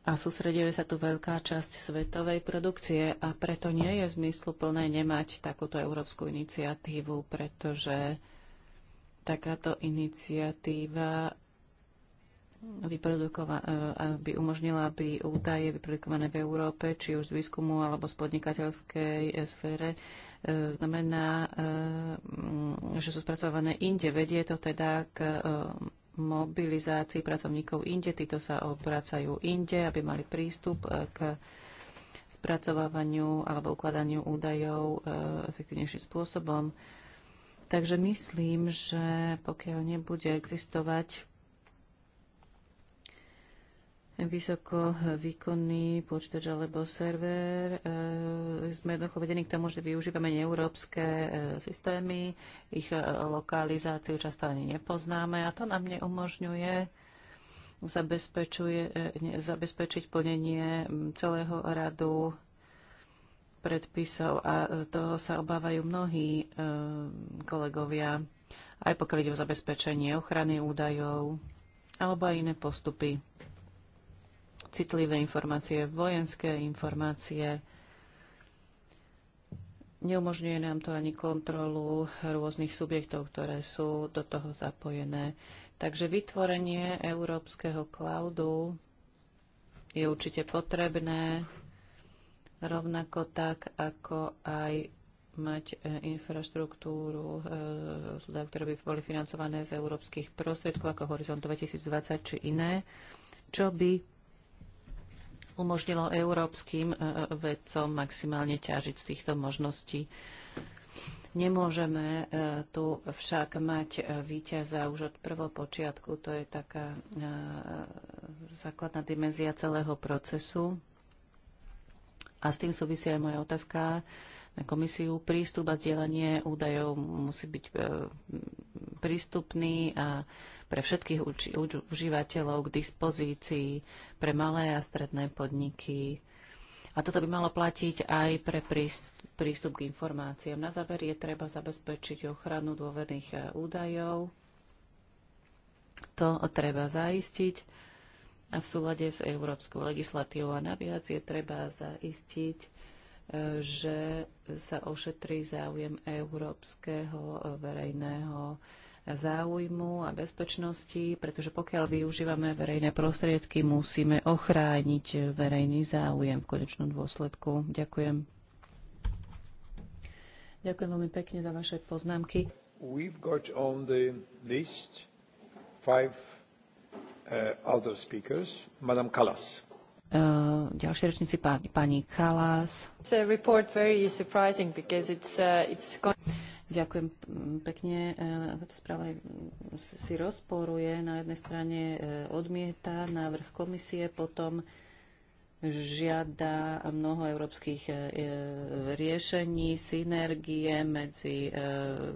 a sústreduje sa tu veľká časť svetovej produkcie a preto nie je zmysluplné nemať takúto európsku iniciatívu, pretože takáto iniciatíva e, by umožnila, aby údaje vyprodukované v Európe, či už z výskumu alebo z podnikateľskej e, sfére, E, znamená, e, že sú spracované inde. Vedie to teda k e, mobilizácii pracovníkov inde. Títo sa obracajú inde, aby mali prístup k spracovávaniu alebo ukladaniu údajov efektívnejším spôsobom. Takže myslím, že pokiaľ nebude existovať vysoko výkonný počítač alebo server. E, sme jednoducho vedení k tomu, že využívame neurópske e, systémy, ich e, lokalizáciu často ani nepoznáme a to nám neumožňuje zabezpečiť plnenie celého radu predpisov a toho sa obávajú mnohí kolegovia, aj pokiaľ ide o zabezpečenie ochrany údajov alebo aj iné postupy citlivé informácie, vojenské informácie. Neumožňuje nám to ani kontrolu rôznych subjektov, ktoré sú do toho zapojené. Takže vytvorenie európskeho cloudu je určite potrebné, rovnako tak, ako aj mať e, infraštruktúru, e, ktoré by boli financované z európskych prostriedkov, ako Horizont 2020 či iné, čo by umožnilo európskym e, e, vedcom maximálne ťažiť z týchto možností. Nemôžeme e, tu však mať víťaza už od prvopočiatku. To je taká základná dimenzia celého procesu. A s tým súvisí aj moja otázka na komisiu. Prístup a zdieľanie údajov musí byť prístupný a pre všetkých užívateľov k dispozícii, pre malé a stredné podniky. A toto by malo platiť aj pre prístup k informáciám. Na záver je treba zabezpečiť ochranu dôverných e, údajov. To treba zaistiť a v súlade s európskou legislatívou. A naviac je treba zaistiť, e, že sa ošetrí záujem európskeho e, verejného záujmu a bezpečnosti, pretože pokiaľ využívame verejné prostriedky, musíme ochrániť verejný záujem v konečnom dôsledku. Ďakujem. Ďakujem veľmi pekne za vaše poznámky. We've got on the list five uh, other speakers. Madame Callas. Uh, ďalší rečníci pán, pani Kalas. It's a report very surprising because it's, uh, it's Ďakujem mm, pekne. E, táto správa si rozporuje. Na jednej strane e, odmieta návrh komisie, potom žiada mnoho európskych e, riešení, synergie medzi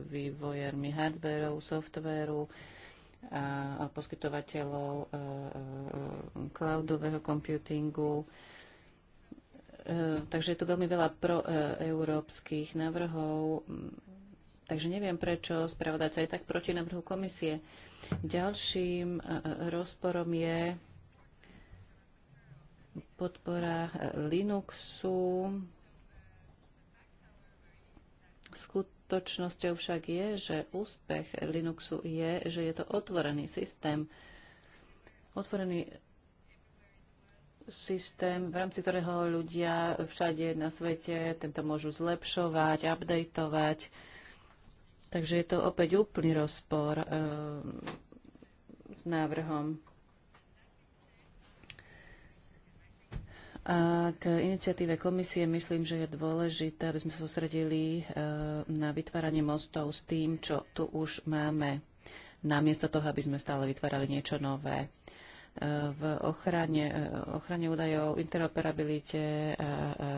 vývojermi hardwareov, softwareu a poskytovateľov cloudového computingu takže je tu veľmi veľa proeurópskych návrhov. Takže neviem, prečo spravodajca je tak proti návrhu komisie. Ďalším e, e, rozporom je podpora e, Linuxu. Skutočnosťou však je, že úspech Linuxu je, že je to otvorený systém. Otvorený systém, v rámci ktorého ľudia všade na svete tento môžu zlepšovať, updateovať Takže je to opäť úplný rozpor e, s návrhom. A k iniciatíve komisie myslím, že je dôležité, aby sme sa sústredili e, na vytváranie mostov s tým, čo tu už máme, namiesto toho, aby sme stále vytvárali niečo nové v ochrane, eh, ochrane údajov, interoperabilite a, a, a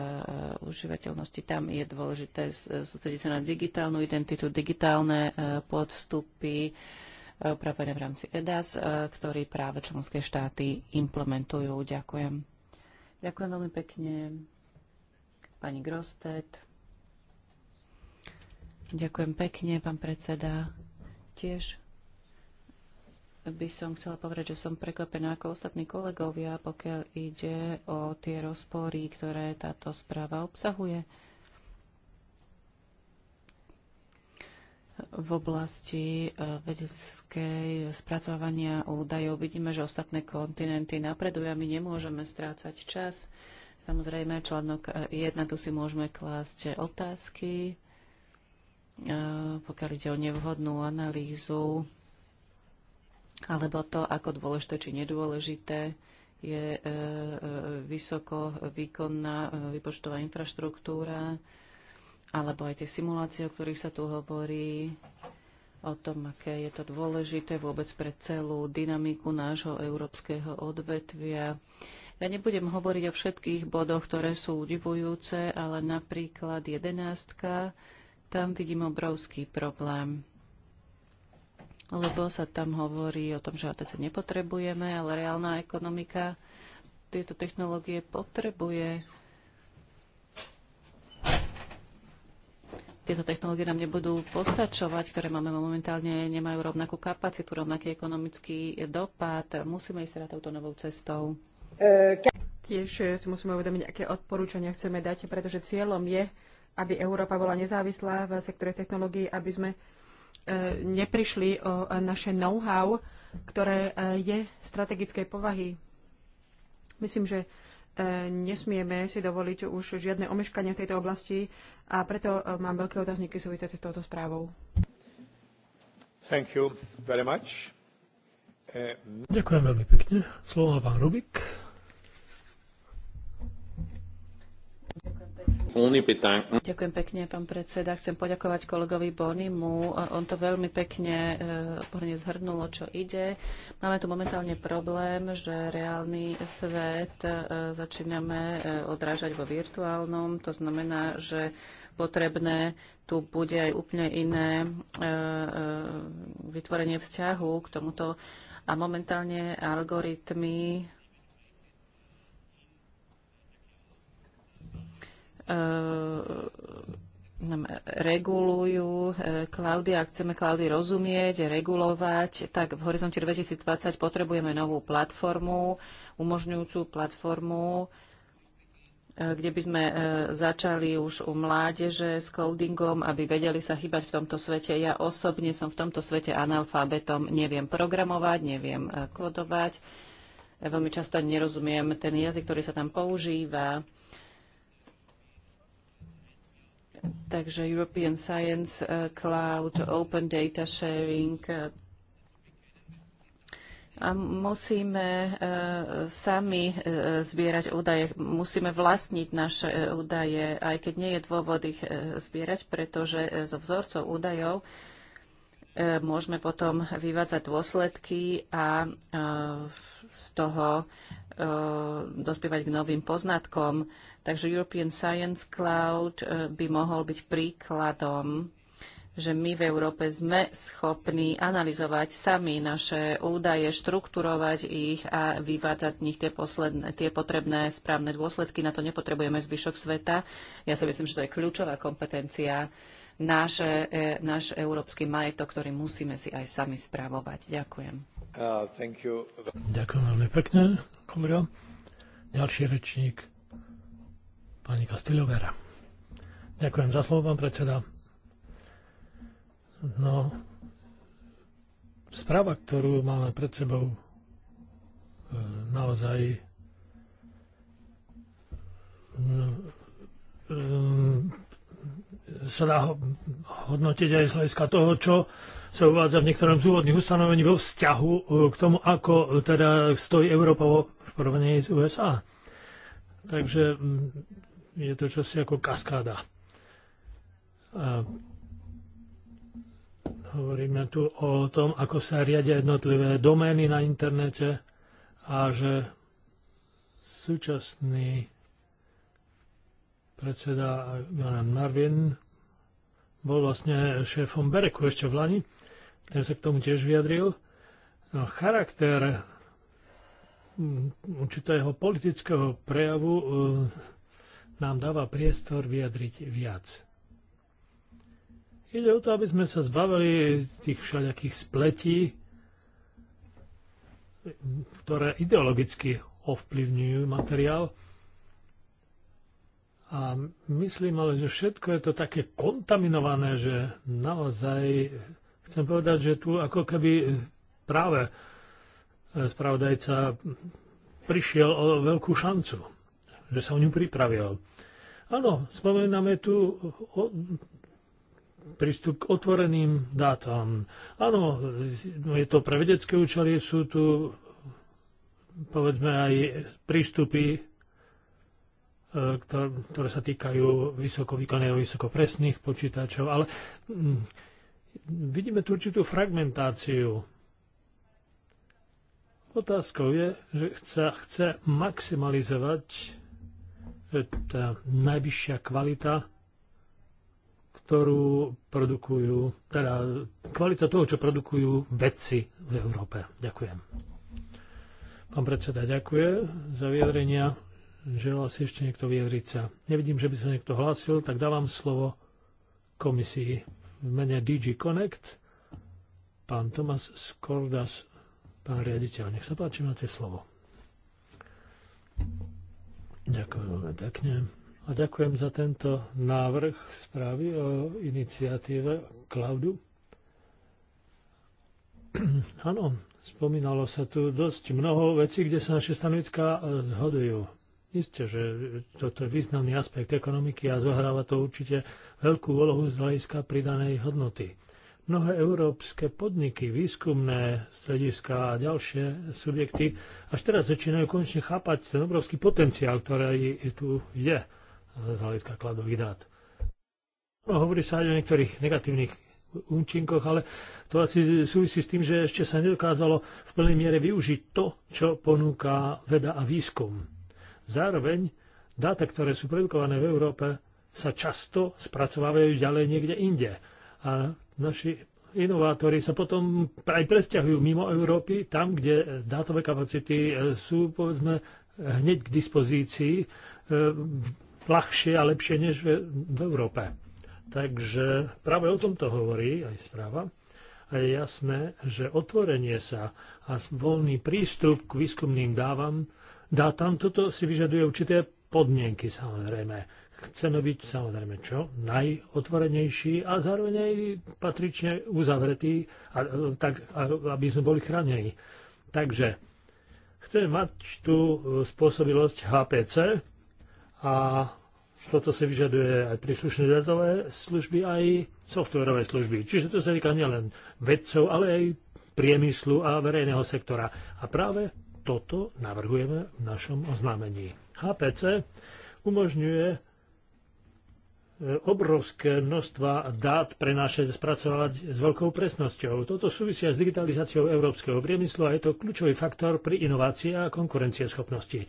užívateľnosti. Tam je dôležité sústrediť sa na digitálnu identitu, digitálne eh, podstupy eh, upravené v rámci EDAS, ktorý práve členské štáty implementujú. Ďakujem. Ďakujem veľmi pekne. Pani Grostet. Ďakujem pekne, pán predseda. Tiež by som chcela povedať, že som prekvapená ako ostatní kolegovia, pokiaľ ide o tie rozpory, ktoré táto správa obsahuje. V oblasti e, vedeckej spracovania údajov vidíme, že ostatné kontinenty napredujú a my nemôžeme strácať čas. Samozrejme, článok 1, e, tu si môžeme klásť otázky, e, pokiaľ ide o nevhodnú analýzu alebo to, ako dôležité či nedôležité je e, e, vysoko výkonná e, vypočtová infraštruktúra, alebo aj tie simulácie, o ktorých sa tu hovorí, o tom, aké je to dôležité vôbec pre celú dynamiku nášho európskeho odvetvia. Ja nebudem hovoriť o všetkých bodoch, ktoré sú udivujúce, ale napríklad jedenástka, tam vidím obrovský problém lebo sa tam hovorí o tom, že ATC nepotrebujeme, ale reálna ekonomika tieto technológie potrebuje. Tieto technológie nám nebudú postačovať, ktoré máme momentálne, nemajú rovnakú kapacitu, rovnaký ekonomický dopad. Musíme ísť teda touto novou cestou. Tiež si musíme uvedomiť, aké odporúčania chceme dať, pretože cieľom je, aby Európa bola nezávislá v sektore technológií, aby sme E, neprišli o e, naše know-how, ktoré e, je strategickej povahy. Myslím, že nesmieme si dovoliť už žiadne omeškanie v tejto oblasti a preto mám veľké otázniky súvisiace s touto správou. Thank you very much. Ďakujem veľmi pekne. Slovo má pán Rubik. Ďakujem pekne, pán predseda. Chcem poďakovať kolegovi Bonimu. On to veľmi pekne eh, zhrnul, zhrnulo, čo ide. Máme tu momentálne problém, že reálny svet eh, začíname eh, odrážať vo virtuálnom. To znamená, že potrebné tu bude aj úplne iné vytvorenie vzťahu k tomuto. A momentálne algoritmy E, nám regulujú cloudy e, a ak chceme cloudy rozumieť, regulovať, tak v horizonte 2020 potrebujeme novú platformu, umožňujúcu platformu, e, kde by sme začali už u mládeže s codingom, aby vedeli sa chýbať v tomto svete. Ja osobne som v tomto svete analfabetom, neviem programovať, neviem kodovať. Veľmi často nerozumiem ten jazyk, ktorý sa tam používa. Takže European Science eh, Cloud, Open Data Sharing. Eh. A musíme eh, sami zbierať údaje, musíme vlastniť naše údaje, aj keď nie je dôvod ich zbierať, pretože zo vzorcov údajov môžeme potom vyvádzať dôsledky a z toho dospievať k novým poznatkom. Takže European Science Cloud eh, by mohol byť príkladom, že my v Európe sme schopní analyzovať sami naše údaje, štrukturovať ich a vyvádzať z nich tie, posledné, tie potrebné správne dôsledky. Na to nepotrebujeme zvyšok sveta. Ja si myslím, že to je kľúčová kompetencia náš, e, eh, náš európsky majetok, ktorý musíme si aj sami správovať. Ďakujem. Uh, Ďakujem veľmi pekne, Komro. Ďalší rečník, Pani Kastilovera. Ďakujem za slovo, pán predseda. No, správa, ktorú máme pred sebou, e, naozaj e, e, sa dá hodnotiť aj z hľadiska toho, čo sa uvádza v niektorom z úvodných ustanovení vo vzťahu k tomu, ako teda stojí Európa v porovnaní s USA. Takže je to čosi ako kaskáda. A hovoríme tu o tom, ako sa riadia jednotlivé domény na internete a že súčasný predseda Jonan Marvin bol vlastne šéfom Bereku ešte v Lani, ten sa k tomu tiež vyjadril. No, charakter mm, určitého politického prejavu mm, nám dáva priestor vyjadriť viac. Ide o to, aby sme sa zbavili tých všelijakých spletí, ktoré ideologicky ovplyvňujú materiál. A myslím ale, že všetko je to také kontaminované, že naozaj chcem povedať, že tu ako keby práve spravodajca prišiel o veľkú šancu, že sa o ňu pripravil. Áno, spomíname tu o, prístup k otvoreným dátam. Áno, no je to pre vedecké účely, sú tu povedzme aj prístupy, e, ktoré sa týkajú vysokovýkonných a vysokopresných počítačov, ale mm, vidíme tu určitú fragmentáciu. Otázkou je, že sa chce maximalizovať tá najvyššia kvalita, ktorú produkujú, teda kvalita toho, čo produkujú vedci v Európe. Ďakujem. Pán predseda, ďakuje za vyjadrenia. Želal si ešte niekto vyjadriť sa. Nevidím, že by sa niekto hlásil, tak dávam slovo komisii v mene DG Connect. Pán Tomas Skordas, pán riaditeľ, nech sa páči, máte slovo. Ďakujem veľmi pekne. A ďakujem za tento návrh správy o iniciatíve Klaudu. Áno, spomínalo sa tu dosť mnoho vecí, kde sa naše stanoviská e, zhodujú. Isté, že toto je významný aspekt ekonomiky a zohráva to určite veľkú úlohu z hľadiska pridanej hodnoty mnohé európske podniky, výskumné strediska a ďalšie subjekty až teraz začínajú konečne chápať ten obrovský potenciál, ktorý tu je z hľadiska kladových dát. No, hovorí sa aj o niektorých negatívnych účinkoch, ale to asi súvisí s tým, že ešte sa nedokázalo v plnej miere využiť to, čo ponúka veda a výskum. Zároveň dáta, ktoré sú produkované v Európe, sa často spracovávajú ďalej niekde inde. A naši inovátori sa potom aj presťahujú mimo Európy, tam, kde dátové kapacity e, sú, povedzme, hneď k dispozícii e, ľahšie a lepšie než v Európe. Takže práve o tomto hovorí aj správa. A je jasné, že otvorenie sa a voľný prístup k výskumným dávam, dátam, toto si vyžaduje určité podmienky samozrejme chceme byť samozrejme čo najotvorenejší a zároveň aj patrične uzavretí, a, e, tak, aby sme boli chránení. Takže chceme mať tú e, spôsobilosť HPC a toto si vyžaduje aj príslušné datové služby, aj softwarové služby. Čiže to sa týka nielen vedcov, ale aj priemyslu a verejného sektora. A práve toto navrhujeme v našom oznámení. HPC umožňuje E, obrovské množstva dát prenášať, spracovať s veľkou presnosťou. Toto súvisia s digitalizáciou európskeho priemyslu a je to kľúčový faktor pri inovácii a konkurencieschopnosti.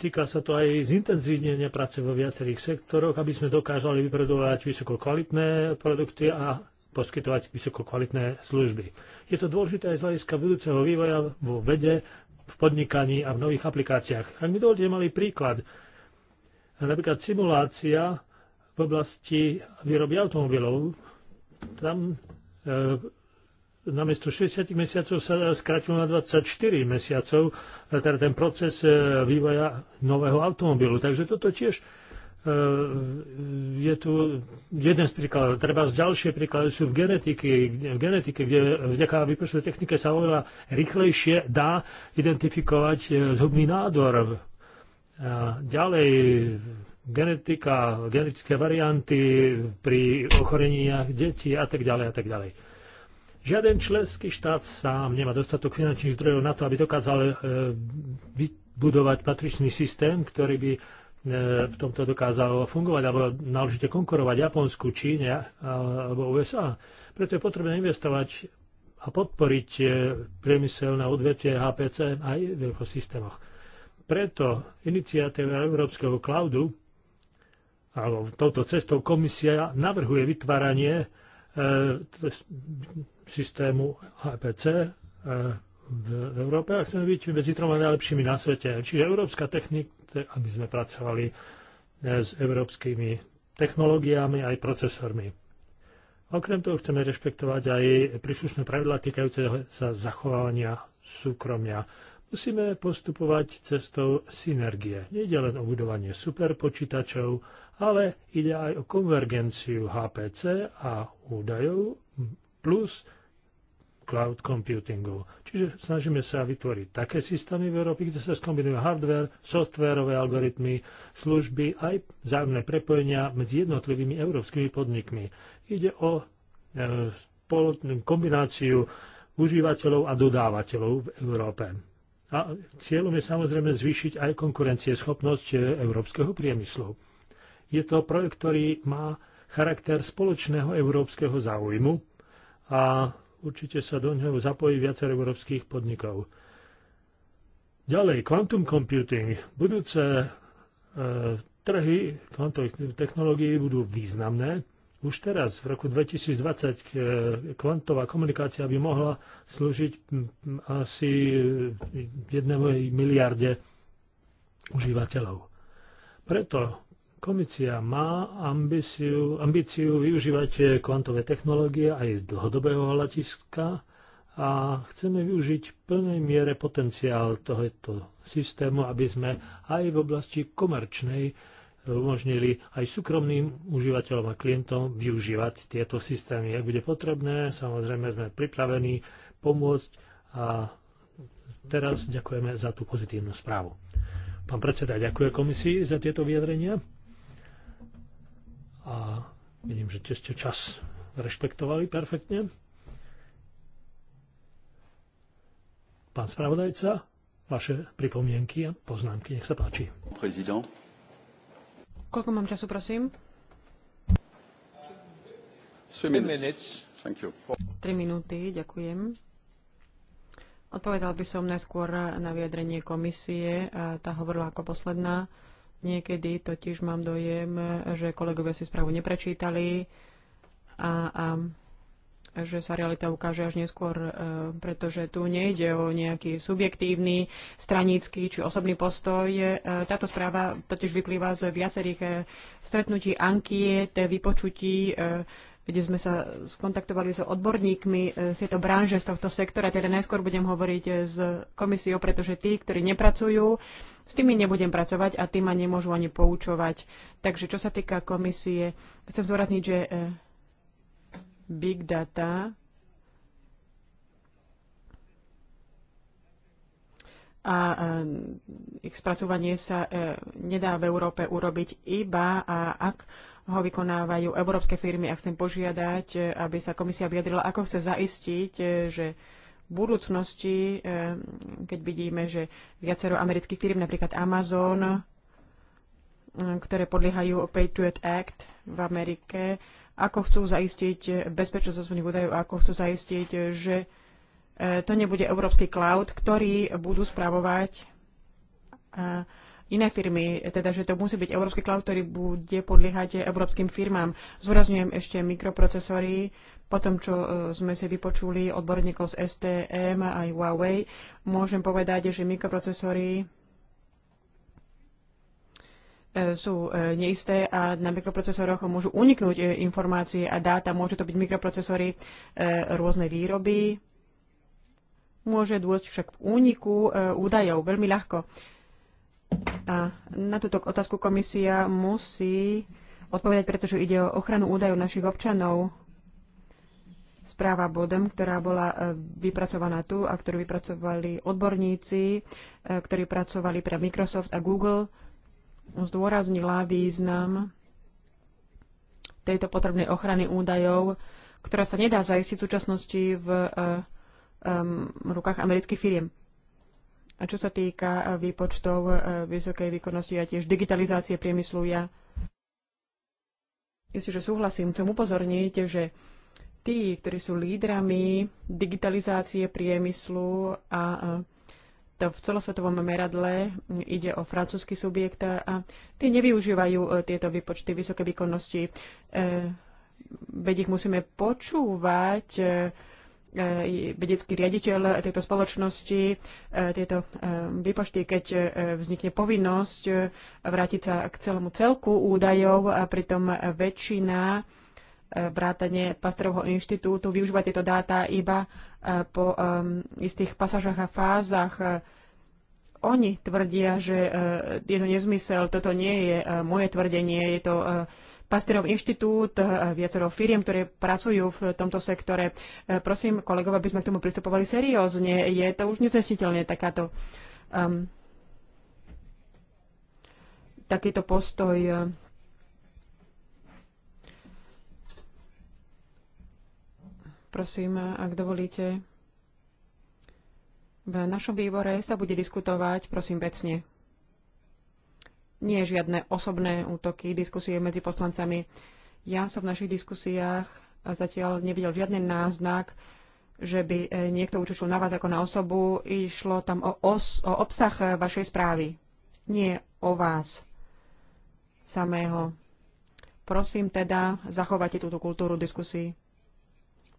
Týka sa to aj zintenzívnenia práce vo viacerých sektoroch, aby sme vyprodukovať vyprodovať vysokokvalitné produkty a poskytovať vysokokvalitné služby. Je to dôležité aj z hľadiska budúceho vývoja vo vede, v podnikaní a v nových aplikáciách. Ak mi dovolte malý príklad, Napríklad simulácia v oblasti výroby automobilov, tam e, namiesto 60 mesiacov sa skratil na 24 mesiacov, e, teda ten proces e, vývoja nového automobilu. Takže toto tiež e, je tu jeden z príkladov. Treba z ďalšie príklady sú v genetike, v genetike kde vďaka vypočtovej technike sa oveľa rýchlejšie dá identifikovať zhubný nádor ďalej genetika, genetické varianty pri ochoreniach detí a tak ďalej a tak ďalej. Žiaden členský štát sám nemá dostatok finančných zdrojov na to, aby dokázal e, vybudovať patričný systém, ktorý by e, v tomto dokázal fungovať alebo náležite konkurovať Japonsku, Číne alebo USA. Preto je potrebné investovať a podporiť e, priemyselné odvetie HPC aj v systémoch. Preto iniciatíva Európskeho cloudu alebo touto cestou komisia navrhuje vytváranie e, systému HPC e, v Európe a chceme byť medzi troma najlepšími na svete. Čiže európska technika, aby sme pracovali e, s európskymi technológiami aj procesormi. Okrem toho chceme rešpektovať aj príslušné pravidlá týkajúce sa zachovania súkromia Musíme postupovať cestou synergie. Nejde len o budovanie superpočítačov, ale ide aj o konvergenciu HPC a údajov plus cloud computingu. Čiže snažíme sa vytvoriť také systémy v Európe, kde sa skombinujú hardware, softwareové algoritmy, služby, aj vzájomné prepojenia medzi jednotlivými európskymi podnikmi. Ide o e, kombináciu užívateľov a dodávateľov v Európe. A cieľom je samozrejme zvýšiť aj konkurencieschopnosť e, európskeho priemyslu. Je to projekt, ktorý má charakter spoločného európskeho záujmu a určite sa do ňoho zapojí viacer európskych podnikov. Ďalej, quantum computing. Budúce e, trhy kvantových technológií budú významné už teraz, v roku 2020, eh, kvantová komunikácia by mohla slúžiť hm, hm, asi eh, jednej miliarde užívateľov. Preto komisia má ambíciu, ambíciu využívať eh, kvantové technológie aj z dlhodobého hľadiska a chceme využiť v plnej miere potenciál tohoto systému, aby sme aj v oblasti komerčnej umožnili aj súkromným užívateľom a klientom využívať tieto systémy. Ak bude potrebné, samozrejme sme pripravení pomôcť a teraz ďakujeme za tú pozitívnu správu. Pán predseda, ďakuje komisii za tieto vyjadrenia a vidím, že tie ste čas rešpektovali perfektne. Pán spravodajca, vaše pripomienky a poznámky, nech sa páči. Prezident. Koľko mám času, prosím? Tri minúty, ďakujem. Odpovedal by som najskôr na vyjadrenie komisie. Tá hovorila ako posledná. Niekedy totiž mám dojem, že kolegovia si správu neprečítali a, a že sa realita ukáže až neskôr, e, pretože tu nejde o nejaký subjektívny, stranícky či osobný postoj. E, táto správa totiž vyplýva z viacerých e, stretnutí, ankiet, vypočutí, kde sme sa skontaktovali s so odborníkmi z tejto branže, z tohto sektora. Teda najskôr budem hovoriť s komisiou, pretože tí, ktorí nepracujú, s tými nebudem pracovať a tí ma nemôžu ani poučovať. Takže čo sa týka komisie, chcem zdôrazniť, že big data a ich spracovanie sa e, nedá v Európe urobiť iba a ak ho vykonávajú európske firmy, ak chcem požiadať, e, aby sa komisia vyjadrila, ako chce zaistiť, e, že v budúcnosti, keď vidíme, že viacero amerických firm, napríklad Amazon, ktoré podliehajú Patriot Act v Amerike, ako chcú zaistiť bezpečnosť osobných údajov, ako chcú zaistiť, že e, to nebude európsky cloud, ktorý budú spravovať e, iné firmy, teda že to musí byť európsky cloud, ktorý bude podliehať európskym firmám. Zúrazňujem ešte mikroprocesory, po tom, čo e, sme si vypočuli odborníkov z STM a aj Huawei, môžem povedať, že mikroprocesory E, sú e, neisté a na mikroprocesoroch môžu uniknúť e, informácie a dáta. Môžu to byť mikroprocesory rôznej výroby. Môže dôjsť však v úniku údajov veľmi ľahko. A na túto otázku komisia musí odpovedať, pretože ide o ochranu údajov našich občanov. Správa bodem, ktorá bola vypracovaná tu a ktorú vypracovali odborníci, ktorí pracovali pre Microsoft a Google, zdôraznila význam tejto potrebnej ochrany údajov, ktorá sa nedá zaistiť v súčasnosti v e, rukách amerických firiem. A čo sa týka e, výpočtov e, vysokej výkonnosti a tiež digitalizácie priemyslu, ja myslím, že súhlasím, chcem upozorniť, že tí, ktorí sú lídrami digitalizácie priemyslu a, a to v celosvetovom meradle ide o francúzsky subjekt a tí nevyužívajú e, tieto výpočty vysoké výkonnosti. E, veď ich musíme počúvať. E, vedecký riaditeľ tejto spoločnosti tieto výpočty, keď vznikne povinnosť vrátiť sa k celému celku údajov a pritom väčšina vrátane Pasterovho inštitútu využíva tieto dáta iba po um, istých pasážach a fázach. E, oni tvrdia, že e, je to nezmysel, toto nie je e, moje tvrdenie, je to Pasterov inštitút, viacero firiem, ktoré pracujú v tomto sektore. Prosím kolegov, aby sme k tomu pristupovali seriózne. Je to už neznesiteľné takáto um, takýto postoj poprosím, ak dovolíte. V našom výbore sa bude diskutovať, prosím, vecne. Nie žiadne osobné útoky, diskusie medzi poslancami. Ja som v našich diskusiách zatiaľ nevidel žiadny náznak, že by eh, niekto útočil na vás ako na osobu. Išlo tam o, os, o obsah eh, vašej správy, nie o vás samého. Prosím teda, zachovajte túto kultúru diskusí.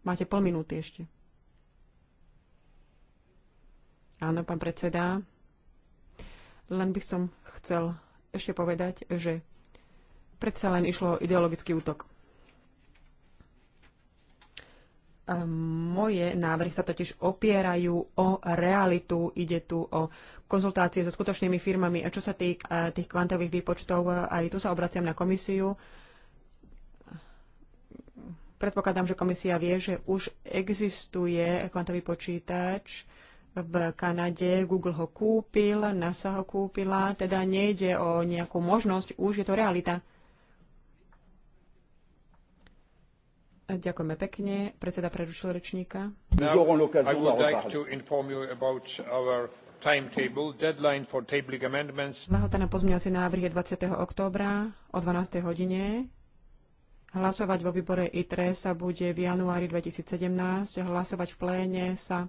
Máte pol minúty ešte. Áno, pán predseda. Len by som chcel ešte povedať, že predsa len išlo ideologický útok. Moje návrhy sa totiž opierajú o realitu, ide tu o konzultácie so skutočnými firmami. A čo sa týka tých kvantových výpočtov, aj tu sa obraciam na komisiu. Predpokladám, že komisia vie, že už existuje kvantový počítač v Kanade, Google ho kúpil, NASA ho kúpila, teda nejde o nejakú možnosť, už je to realita. Ďakujeme pekne. Predseda prerušil rečníka. Lehota na pozmeňovací návrh je 20. októbra o 12. hodine. Hlasovať vo výbore ITRE sa bude v januári 2017, hlasovať v pléne sa e,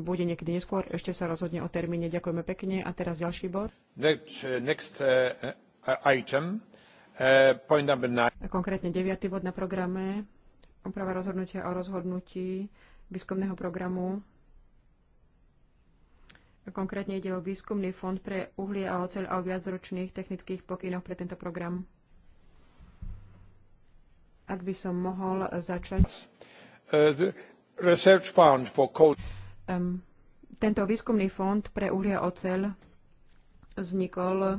bude niekedy neskôr. Ešte sa rozhodne o termíne. Ďakujeme pekne. A teraz ďalší bod. Next, e, e, item, point number nine. Konkrétne deviatý bod na programe. Oprava rozhodnutia o rozhodnutí výskumného programu. Konkrétne ide o výskumný fond pre uhlie a oceľ a o viacročných technických pokynoch pre tento program. Ak by som mohol začať. Uh, research fund for coal. Um, tento výskumný fond pre uhlia oceľ vznikol uh,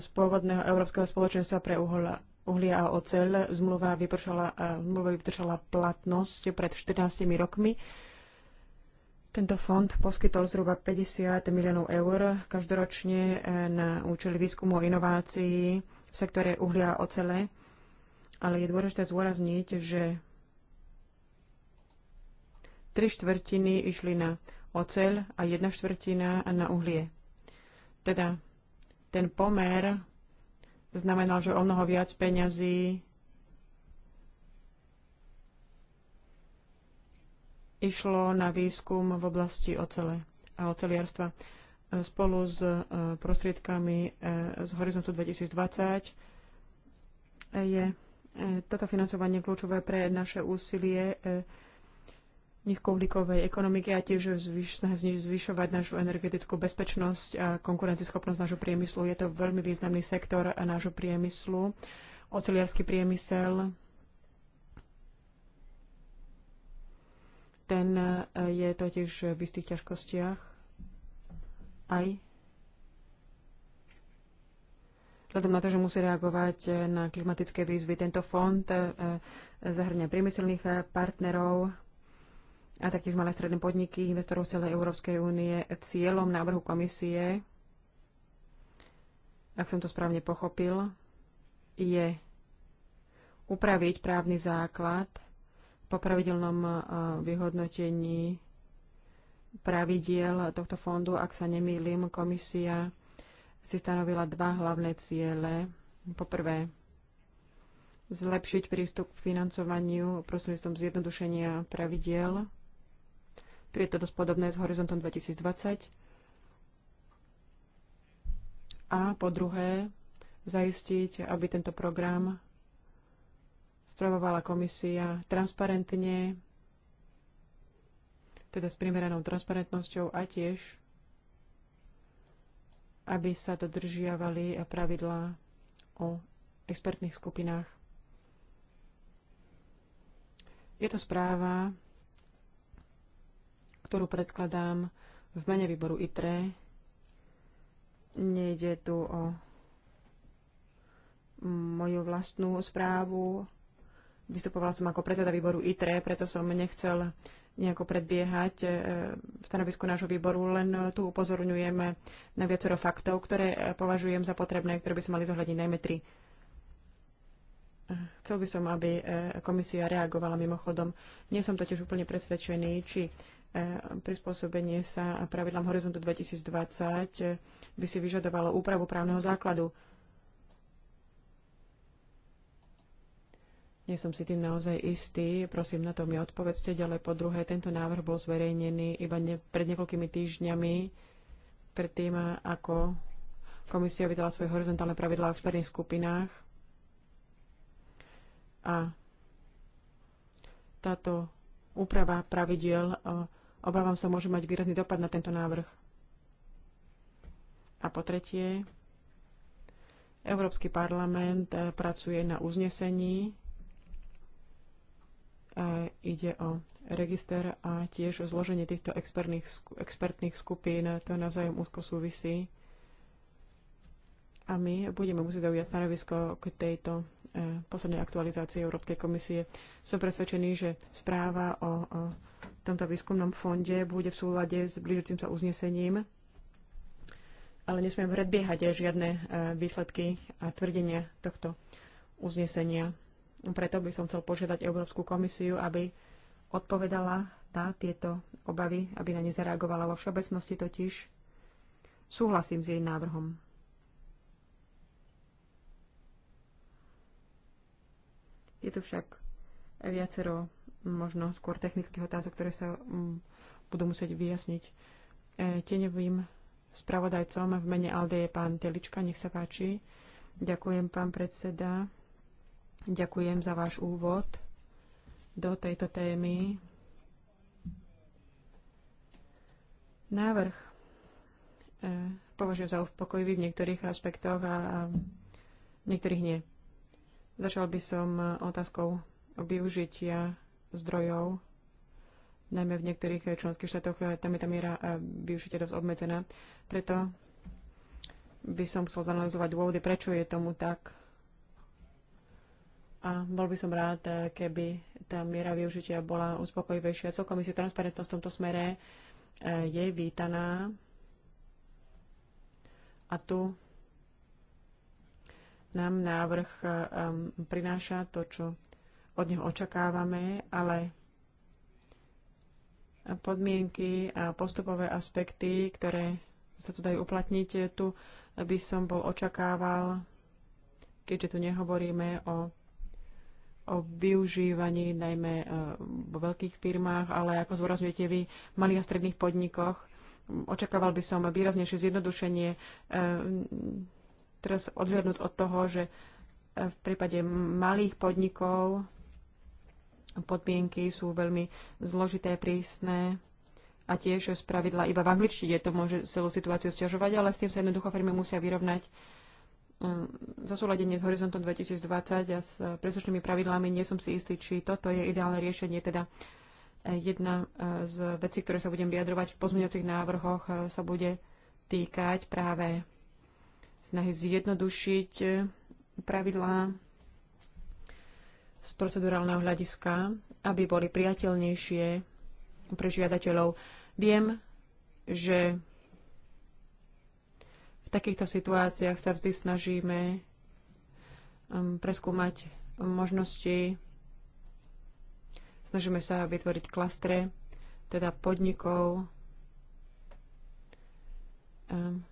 z pôvodného Európskeho spoločenstva pre uhla, uhlia a oceľ. Zmluva vypršala, uh, vypršala platnosť pred 14 rokmi. Tento fond poskytol zhruba 50 miliónov eur každoročne eh, na účely výskumu a inovácií v sektore uhlia a ocele ale je dôležité zúrazniť, že tri štvrtiny išli na oceľ a jedna štvrtina na uhlie. Teda ten pomer znamenal, že o mnoho viac peňazí išlo na výskum v oblasti ocele a oceliarstva spolu s e, prostriedkami e, z Horizontu 2020 e, je E, toto financovanie je kľúčové pre naše úsilie e, nízkouhlíkovej ekonomiky a tiež zvyšovať našu energetickú bezpečnosť a konkurencieschopnosť nášho priemyslu. Je to veľmi významný sektor nášho priemyslu, oceliarský priemysel. Ten e, je totiž v istých ťažkostiach aj Vzhľadom na to, že musí reagovať eh, na klimatické výzvy, tento fond eh, zahrňa priemyselných eh, partnerov a taktiež malé stredné podniky investorov celej Európskej únie. Cieľom návrhu komisie, ak som to správne pochopil, je upraviť právny základ po pravidelnom vyhodnotení pravidiel tohto fondu. Ak sa nemýlim, komisia si stanovila dva hlavné ciele. Poprvé, zlepšiť prístup k financovaniu prostredníctvom zjednodušenia pravidiel. Tu je to dosť podobné s horizontom 2020. A po druhé, zaistiť, aby tento program spravovala komisia transparentne, teda s primeranou transparentnosťou a tiež aby sa dodržiavali pravidlá o expertných skupinách. Je to správa, ktorú predkladám v mene výboru ITRE. Nejde tu o moju vlastnú správu. Vystupovala som ako predseda výboru ITRE, preto som nechcel nejako predbiehať e, v stanovisku nášho výboru, len tu upozorňujem na viacero faktov, ktoré e, považujem za potrebné, ktoré by sme mali zohľadiť najmä tri. E, chcel by som, aby komisia reagovala mimochodom. Nie som totiž úplne presvedčený, či prispôsobenie sa pravidlám Horizontu 2020 by si vyžadovalo úpravu právneho základu. Nie som si tým naozaj istý, prosím na to mi odpovedzte ďalej. Po druhé, tento návrh bol zverejnený iba ne, pred niekoľkými týždňami, pred tým, ako komisia vydala svoje horizontálne pravidlá v expertných skupinách. A táto úprava pravidiel, obávam sa, môže mať výrazný dopad na tento návrh. A po tretie, Európsky parlament eh, pracuje na uznesení, ide o register a tiež o zloženie týchto expertných, expertných skupín. To navzájom úzko súvisí. A my budeme musieť zaujať stanovisko k tejto e, poslednej aktualizácii Európskej komisie. Som presvedčený, že správa o, o tomto výskumnom fonde bude v súlade s blížiacim sa uznesením, ale nesmiem predbiehať aj žiadne e, výsledky a tvrdenia tohto uznesenia. Preto by som chcel požiadať Európsku komisiu, aby odpovedala na tieto obavy, aby na ne zareagovala vo všeobecnosti totiž. Súhlasím s jej návrhom. Je tu však viacero možno skôr technických otázok, ktoré sa mm, budú musieť vyjasniť. E, Tenevým spravodajcom v mene Alde je pán Telička, nech sa páči. Ďakujem, pán predseda. Ďakujem za váš úvod do tejto témy. Návrh e, považujem za uspokojivý v niektorých aspektoch a niektorých nie. Začal by som e, otázkou využitia zdrojov, najmä v niektorých členských štátoch e, tam je tá miera využitia dosť obmedzená. Preto by som chcel zanalizovať dôvody, prečo je tomu tak a bol by som rád, keby tá miera využitia bola uspokojivejšia. Celkom si transparentnosť v tomto smere e, je vítaná. A tu nám návrh e, prináša to, čo od neho očakávame, ale podmienky a postupové aspekty, ktoré sa tu dajú uplatniť, tu by som bol očakával, keďže tu nehovoríme o o využívaní najmä e, vo veľkých firmách, ale ako zvorazňujete vy, v malých a stredných podnikoch. Očakával by som výraznejšie zjednodušenie, e, teraz odhľadnúť od toho, že e, v prípade malých podnikov podmienky sú veľmi zložité, prísne a tiež z pravidla iba v angličtine to môže celú situáciu stiažovať, ale s tým sa jednoducho firmy musia vyrovnať Um, zosúladenie s horizontom 2020 a s eh, príslušnými pravidlami nie som si istý, či toto je ideálne riešenie. Teda eh, jedna eh, z vecí, ktoré sa budem vyjadrovať v pozmeňujúcich návrhoch, sa bude týkať práve snahy zjednodušiť pravidlá z procedurálneho hľadiska, aby boli priateľnejšie pre žiadateľov. Viem, že takýchto situáciách sa vždy snažíme um, preskúmať možnosti, snažíme sa vytvoriť klastre, teda podnikov, um,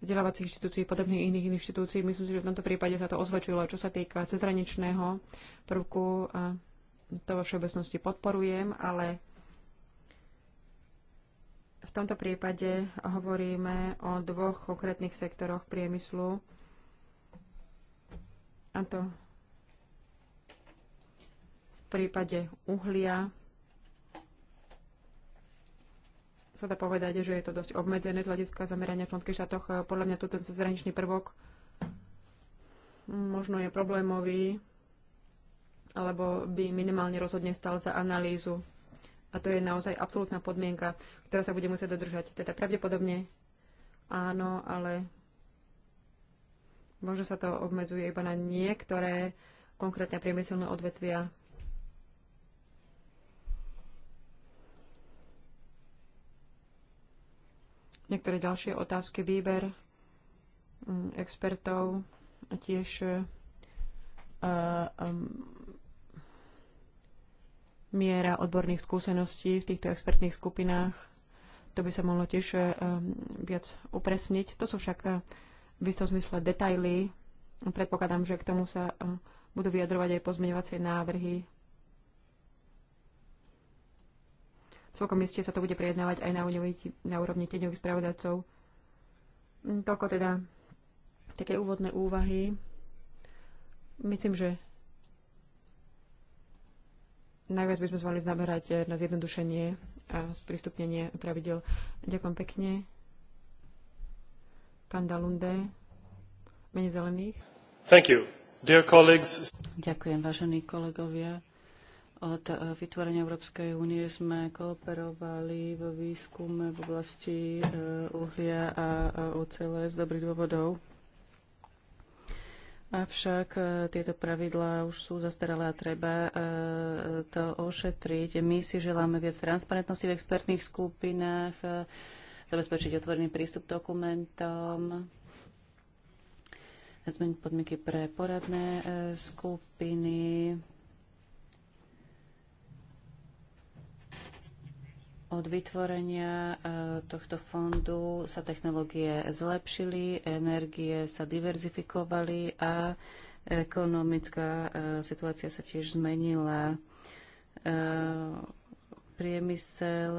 vzdelávacích inštitúcií, podobných iných inštitúcií. Myslím si, že v tomto prípade sa to osvedčilo, čo sa týka cezhraničného prvku. To vo všeobecnosti podporujem, ale v tomto prípade hovoríme o dvoch konkrétnych sektoroch priemyslu. A to v prípade uhlia sa dá povedať, že je to dosť obmedzené z hľadiska zamerania v členských štátoch. Podľa mňa túto zahraničný prvok možno je problémový, alebo by minimálne rozhodne stal za analýzu. A to je naozaj absolútna podmienka, ktorá sa bude musieť dodržať. Teda pravdepodobne áno, ale možno sa to obmedzuje iba na niektoré konkrétne priemyselné odvetvia. Niektoré ďalšie otázky, výber mm, expertov a tiež uh, um, miera odborných skúseností v týchto expertných skupinách. To by sa mohlo tiež eh, um, viac upresniť. To sú však eh, v istom zmysle detaily. Predpokladám, že k tomu sa eh, budú vyjadrovať aj pozmeňovacie návrhy. Celkom iste sa to bude prejednávať aj na úrovni, na úrovni tieňových spravodajcov. Hm, toľko teda také úvodné úvahy. Myslím, že Najviac by sme mali zamerať eh, na zjednodušenie a sprístupnenie pravidel. Ďakujem pekne. Pán Dalunde, menej zelených. Thank you. Dear colleagues. Ďakujem, vážení kolegovia. Od eh, vytvorenia Európskej únie sme kooperovali vo výskume v oblasti eh, uhlia a ocele z dobrých dôvodov Avšak e, tieto pravidlá už sú zastaralé a treba e, to ošetriť. My si želáme viac transparentnosti v expertných skupinách, e, zabezpečiť otvorený prístup k dokumentom, zmeniť podmienky pre poradné skupiny, Od vytvorenia e, tohto fondu sa technológie zlepšili, energie sa diverzifikovali a ekonomická e, situácia sa tiež zmenila. E, priemysel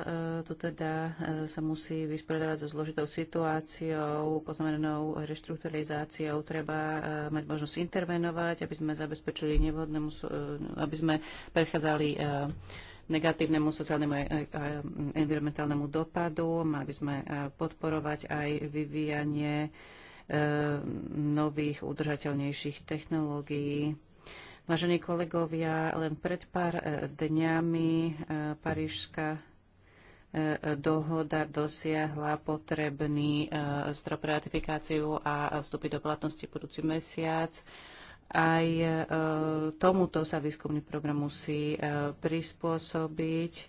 tu teda sa musí vysporiadať so zložitou situáciou, poznamenanou reštrukturalizáciou. Treba mať možnosť intervenovať, aby sme zabezpečili nevhodnému, aby sme predchádzali negatívnemu sociálnemu a environmentálnemu dopadu. Mali by sme podporovať aj vyvíjanie e, nových udržateľnejších technológií. Vážení kolegovia, len pred pár e, dňami e, Parížska dohoda dosiahla potrebný strop ratifikáciu a vstupy do platnosti budúci mesiac. Aj e, tomuto sa výskumný program musí e, prispôsobiť. E,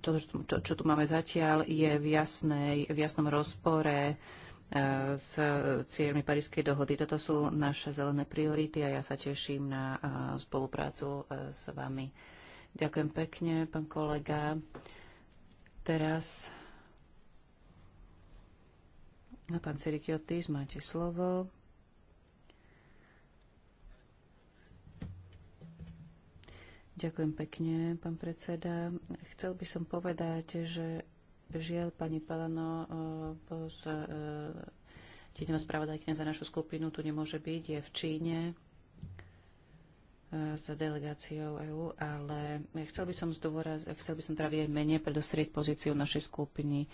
to, čo, čo tu máme zatiaľ, je v, jasnej, v jasnom rozpore s cieľmi Parískej dohody. Toto sú naše zelené priority a ja sa teším na spoluprácu s vami. Ďakujem pekne, pán kolega. Teraz a pán Sirikiotis, máte slovo. Ďakujem pekne, pán predseda. Chcel by som povedať, že žiaľ pani Palano e, z tieňová e, spravodajkňa za našu skupinu tu nemôže byť, je v Číne s delegáciou EÚ, ale chcel by som zdôraz, chcel by som teda v mene predostrieť pozíciu našej skupiny.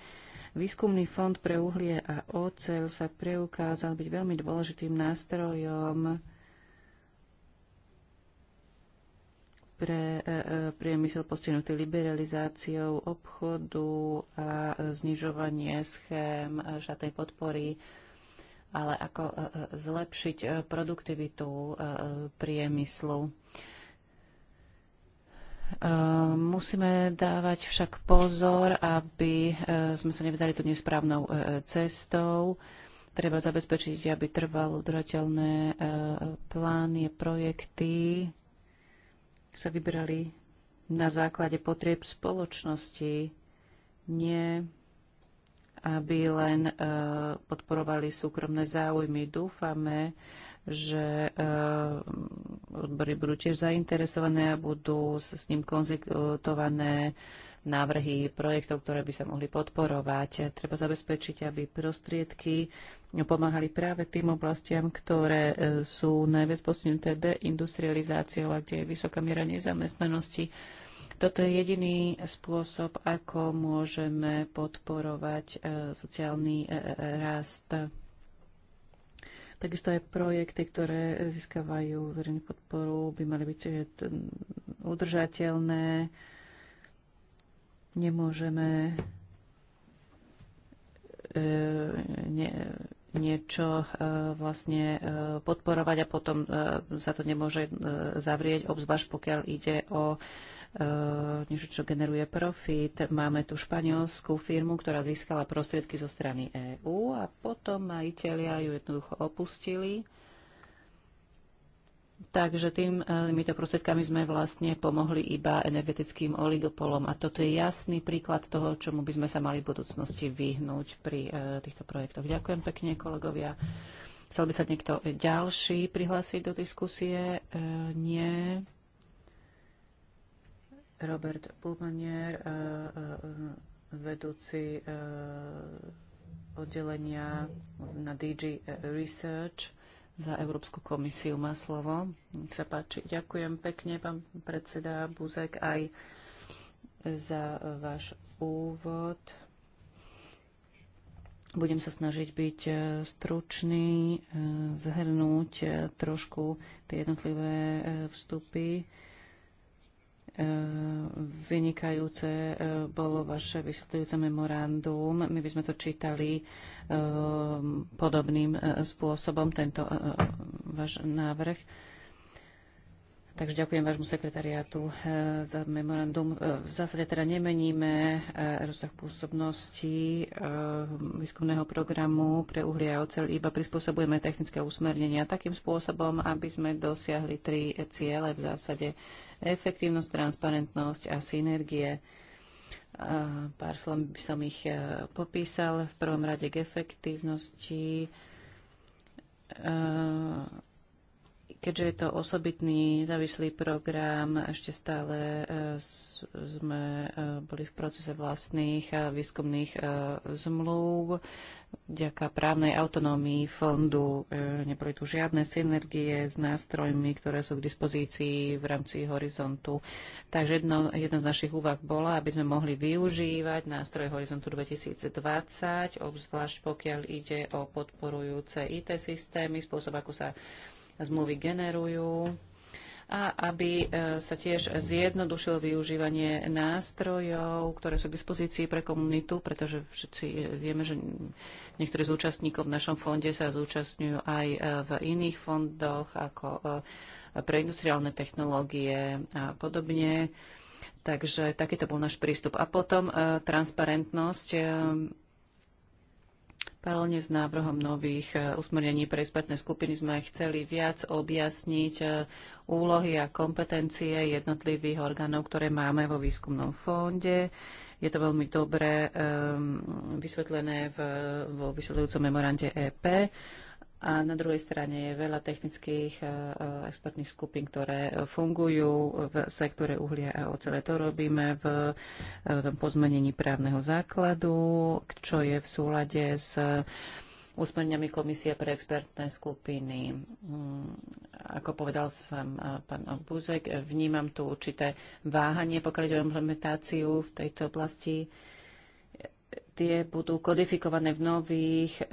Výskumný fond pre uhlie a oceľ sa preukázal byť veľmi dôležitým nástrojom pre e, e, priemysel postihnutý liberalizáciou obchodu a znižovanie schém žatej podpory ale ako e, e, zlepšiť e, produktivitu priemyslu. Musíme dávať však pozor, aby sme sa nevydali tu nesprávnou cestou. Treba zabezpečiť, aby trvalo udržateľné plány, projekty sa vybrali na základe potrieb spoločnosti, nie aby len e, podporovali súkromné záujmy. Dúfame, že e, odbory budú tiež zainteresované a budú s ním konzultované návrhy projektov, ktoré by sa mohli podporovať. Treba zabezpečiť, aby prostriedky pomáhali práve tým oblastiam, ktoré e, sú najviac postihnuté deindustrializáciou a kde je vysoká miera nezamestnanosti toto je jediný spôsob, ako môžeme podporovať e, sociálny e, e, rast. Takisto aj projekty, ktoré získavajú verejnú podporu, by mali byť udržateľné. Nemôžeme ne, niečo vlastne podporovať a potom sa to nemôže zavrieť, obzvlášť pokiaľ ide o Eh, niečo, čo generuje profit. Máme tu španielskú firmu, ktorá získala prostriedky zo strany EÚ a potom majiteľia ju jednoducho opustili. Takže eh, týmito prostriedkami sme vlastne pomohli iba energetickým oligopolom. A toto je jasný príklad toho, čomu by sme sa mali v budúcnosti vyhnúť pri e, týchto projektoch. Ďakujem pekne, kolegovia. Chcel by sa niekto ďalší prihlásiť do diskusie? E, nie. Robert Pulmanier, eh, eh, vedúci eh, oddelenia na DG Research za Európsku komisiu má slovo. Nech sa páči. Ďakujem pekne, pán predseda Buzek, aj za váš úvod. Budem sa snažiť byť stručný, zhrnúť trošku tie jednotlivé vstupy E, vynikajúce e, bolo vaše vysvetľujúce memorandum. My by sme to čítali e, podobným spôsobom, tento váš návrh. Takže ďakujem vášmu sekretariátu za memorandum. V zásade teda nemeníme rozsah pôsobnosti výskumného programu pre uhlie a oceľ, iba prispôsobujeme technické usmernenia takým spôsobom, aby sme dosiahli tri ciele v zásade efektívnosť, transparentnosť a synergie. pár slov by som ich e, popísal. V prvom rade k efektívnosti e, Keďže je to osobitný závislý program, ešte stále e, sme e, boli v procese vlastných a e, výskumných zmluv. Vďaka právnej autonómii fondu neboli tu žiadne synergie s nástrojmi, ktoré sú k dispozícii v rámci horizontu. Takže jedno, jedna z našich úvah bola, aby sme mohli využívať nástroj horizontu 2020, obzvlášť pokiaľ ide o podporujúce IT systémy, spôsob, ako sa zmluvy generujú a aby e, sa tiež zjednodušilo využívanie nástrojov, ktoré sú k dispozícii pre komunitu, pretože všetci vieme, že niektorí z účastníkov v našom fonde sa zúčastňujú aj e, v iných fondoch, ako e, pre industriálne technológie a podobne. Takže takýto bol náš prístup. A potom transparentnosť Paralelne s návrhom nových e, usmernení pre expertné skupiny sme chceli viac objasniť e, úlohy a kompetencie jednotlivých orgánov, ktoré máme vo výskumnom fonde. Je to veľmi dobre um, vysvetlené v, vo vysvetľujúcom memorande EP a na druhej strane je veľa technických e, e, expertných skupín, ktoré e, fungujú v sektore uhlia a ocele. To robíme v pozmenení právneho základu, čo je v súlade s úsmerňami Komisie pre expertné skupiny. Mm, ako povedal som pán Búzek, vnímam tu určité váhanie, pokiaľ ide o implementáciu v tejto oblasti tie budú kodifikované v nových eh, eh,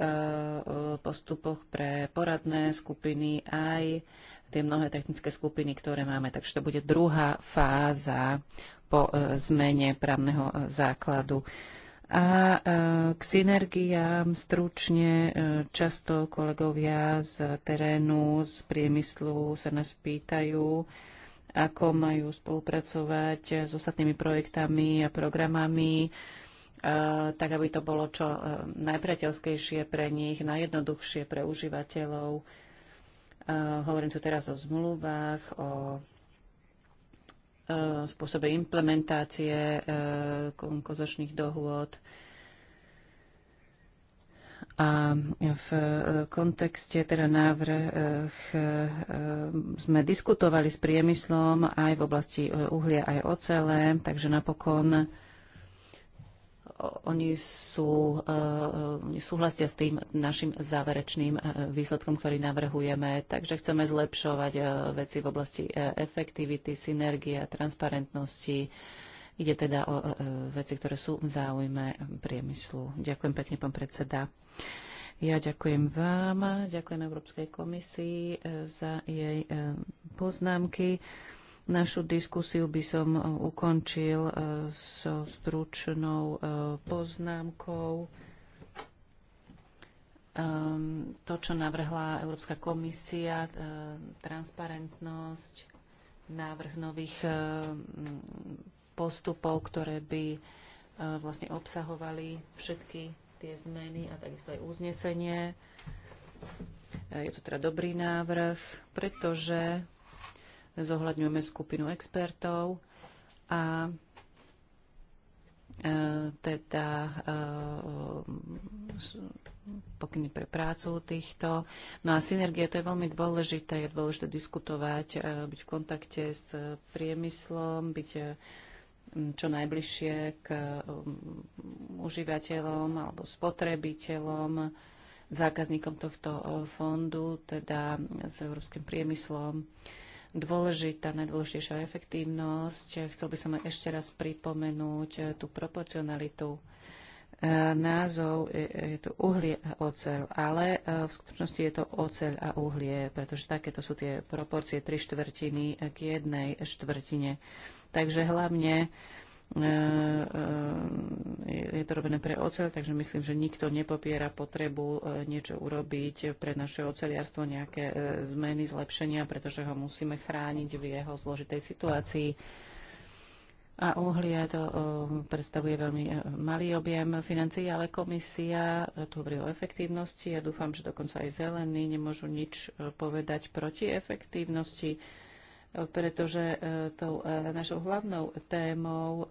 postupoch pre poradné skupiny aj tie mnohé technické skupiny, ktoré máme. Takže to bude druhá fáza po eh, zmene právneho základu. A k synergiám stručne často kolegovia z terénu, z priemyslu sa nás pýtajú, ako majú spolupracovať s ostatnými projektami a programami E, tak aby to bolo čo e, najpriateľskejšie pre nich, najjednoduchšie pre užívateľov. E, hovorím tu teraz o zmluvách, o spôsobe implementácie konkurzných dohôd. A v kontexte teda návrh sme diskutovali s priemyslom aj v oblasti uhlia, aj ocele, takže napokon oni, sú, eh, oni súhlasia s tým našim záverečným eh, výsledkom, ktorý navrhujeme. Takže chceme zlepšovať eh, veci v oblasti efektivity, synergie transparentnosti. Ide teda o veci, ktoré sú v záujme priemyslu. Ďakujem pekne, pán predseda. Ja ďakujem vám, ďakujem Európskej komisii za jej poznámky. Našu diskusiu by som e, ukončil e, so stručnou e, poznámkou. Ehm, to, čo navrhla Európska komisia, transparentnosť, návrh nových postupov, ktoré by vlastne obsahovali všetky tie zmeny a takisto aj uznesenie. Je to teda dobrý návrh, pretože zohľadňujeme skupinu expertov a e, teda e, pokyny pre prácu týchto. No a synergia, to je veľmi dôležité. Je dôležité diskutovať, e, byť v kontakte s priemyslom, byť čo najbližšie k užívateľom alebo spotrebiteľom, zákazníkom tohto fondu, teda s európskym priemyslom dôležitá, najdôležitejšia efektívnosť. Chcel by som ešte raz pripomenúť eh, tú proporcionalitu eh, názov, je, to uhlie a oceľ, ale eh, v skutočnosti je to oceľ a uhlie, pretože takéto sú tie proporcie 3 štvrtiny k jednej štvrtine. Takže hlavne E, e, je to robené pre oceľ, takže myslím, že nikto nepopiera potrebu e, niečo urobiť pre naše oceliarstvo, nejaké zmeny, zlepšenia, pretože ho musíme chrániť v jeho zložitej situácii. A uhlia to predstavuje veľmi malý objem financií, ale komisia tu hovorí o efektívnosti. Ja dúfam, že dokonca aj zelení nemôžu nič povedať proti efektívnosti pretože e, tou e, našou hlavnou témou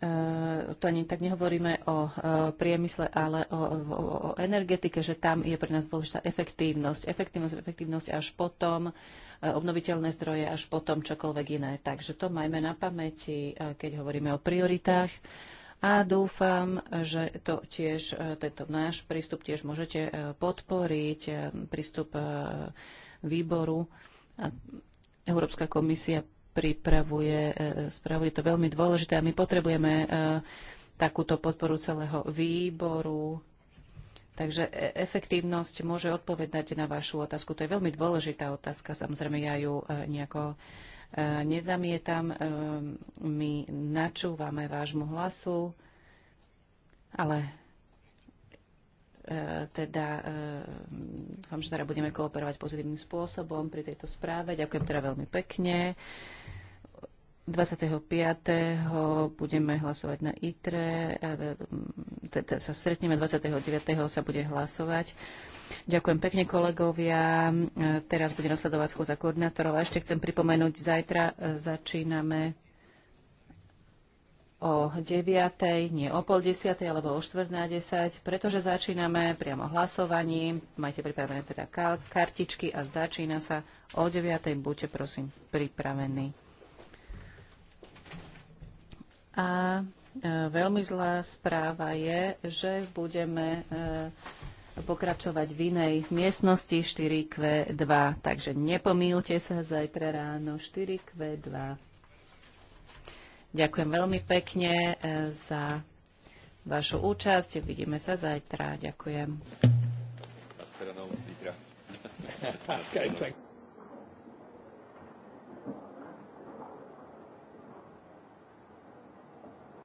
e, to ani tak nehovoríme o priemysle, ale o, o, o energetike, že tam je pre nás dôležitá efektívnosť. Efektívnosť, efektívnosť až potom, obnoviteľné zdroje až potom čokoľvek iné. Takže to majme na pamäti, keď hovoríme o prioritách a dúfam, že to tiež, e, tento náš prístup tiež môžete e, podporiť, e, prístup výboru. Európska komisia pripravuje spravuje to veľmi dôležité a my potrebujeme takúto podporu celého výboru. Takže efektívnosť môže odpovedať na vašu otázku. To je veľmi dôležitá otázka. Samozrejme, ja ju nejako Eh, nezamietam, eh, my načúvame vášmu hlasu, ale eh, teda dúfam, že teda budeme kooperovať pozitívnym spôsobom pri tejto správe. Ďakujem teda veľmi pekne. 25. budeme hlasovať na ITRE, teda sa stretneme, 29. sa bude hlasovať. Ďakujem pekne kolegovia. E, teraz bude nasledovať schôdza koordinátorov. A ešte chcem pripomenúť, zajtra e, začíname o 9. nie o pol 10. alebo o 4. na 10. pretože začíname priamo hlasovaním. Majte pripravené teda kartičky a začína sa o 9. Buďte prosím pripravení. A e, veľmi zlá správa je, že budeme e, pokračovať v inej miestnosti 4Q2. Takže nepomýlte sa zajtra ráno 4Q2. Ďakujem veľmi pekne e, za vašu účasť. Vidíme sa zajtra. Ďakujem. Okay, thank you.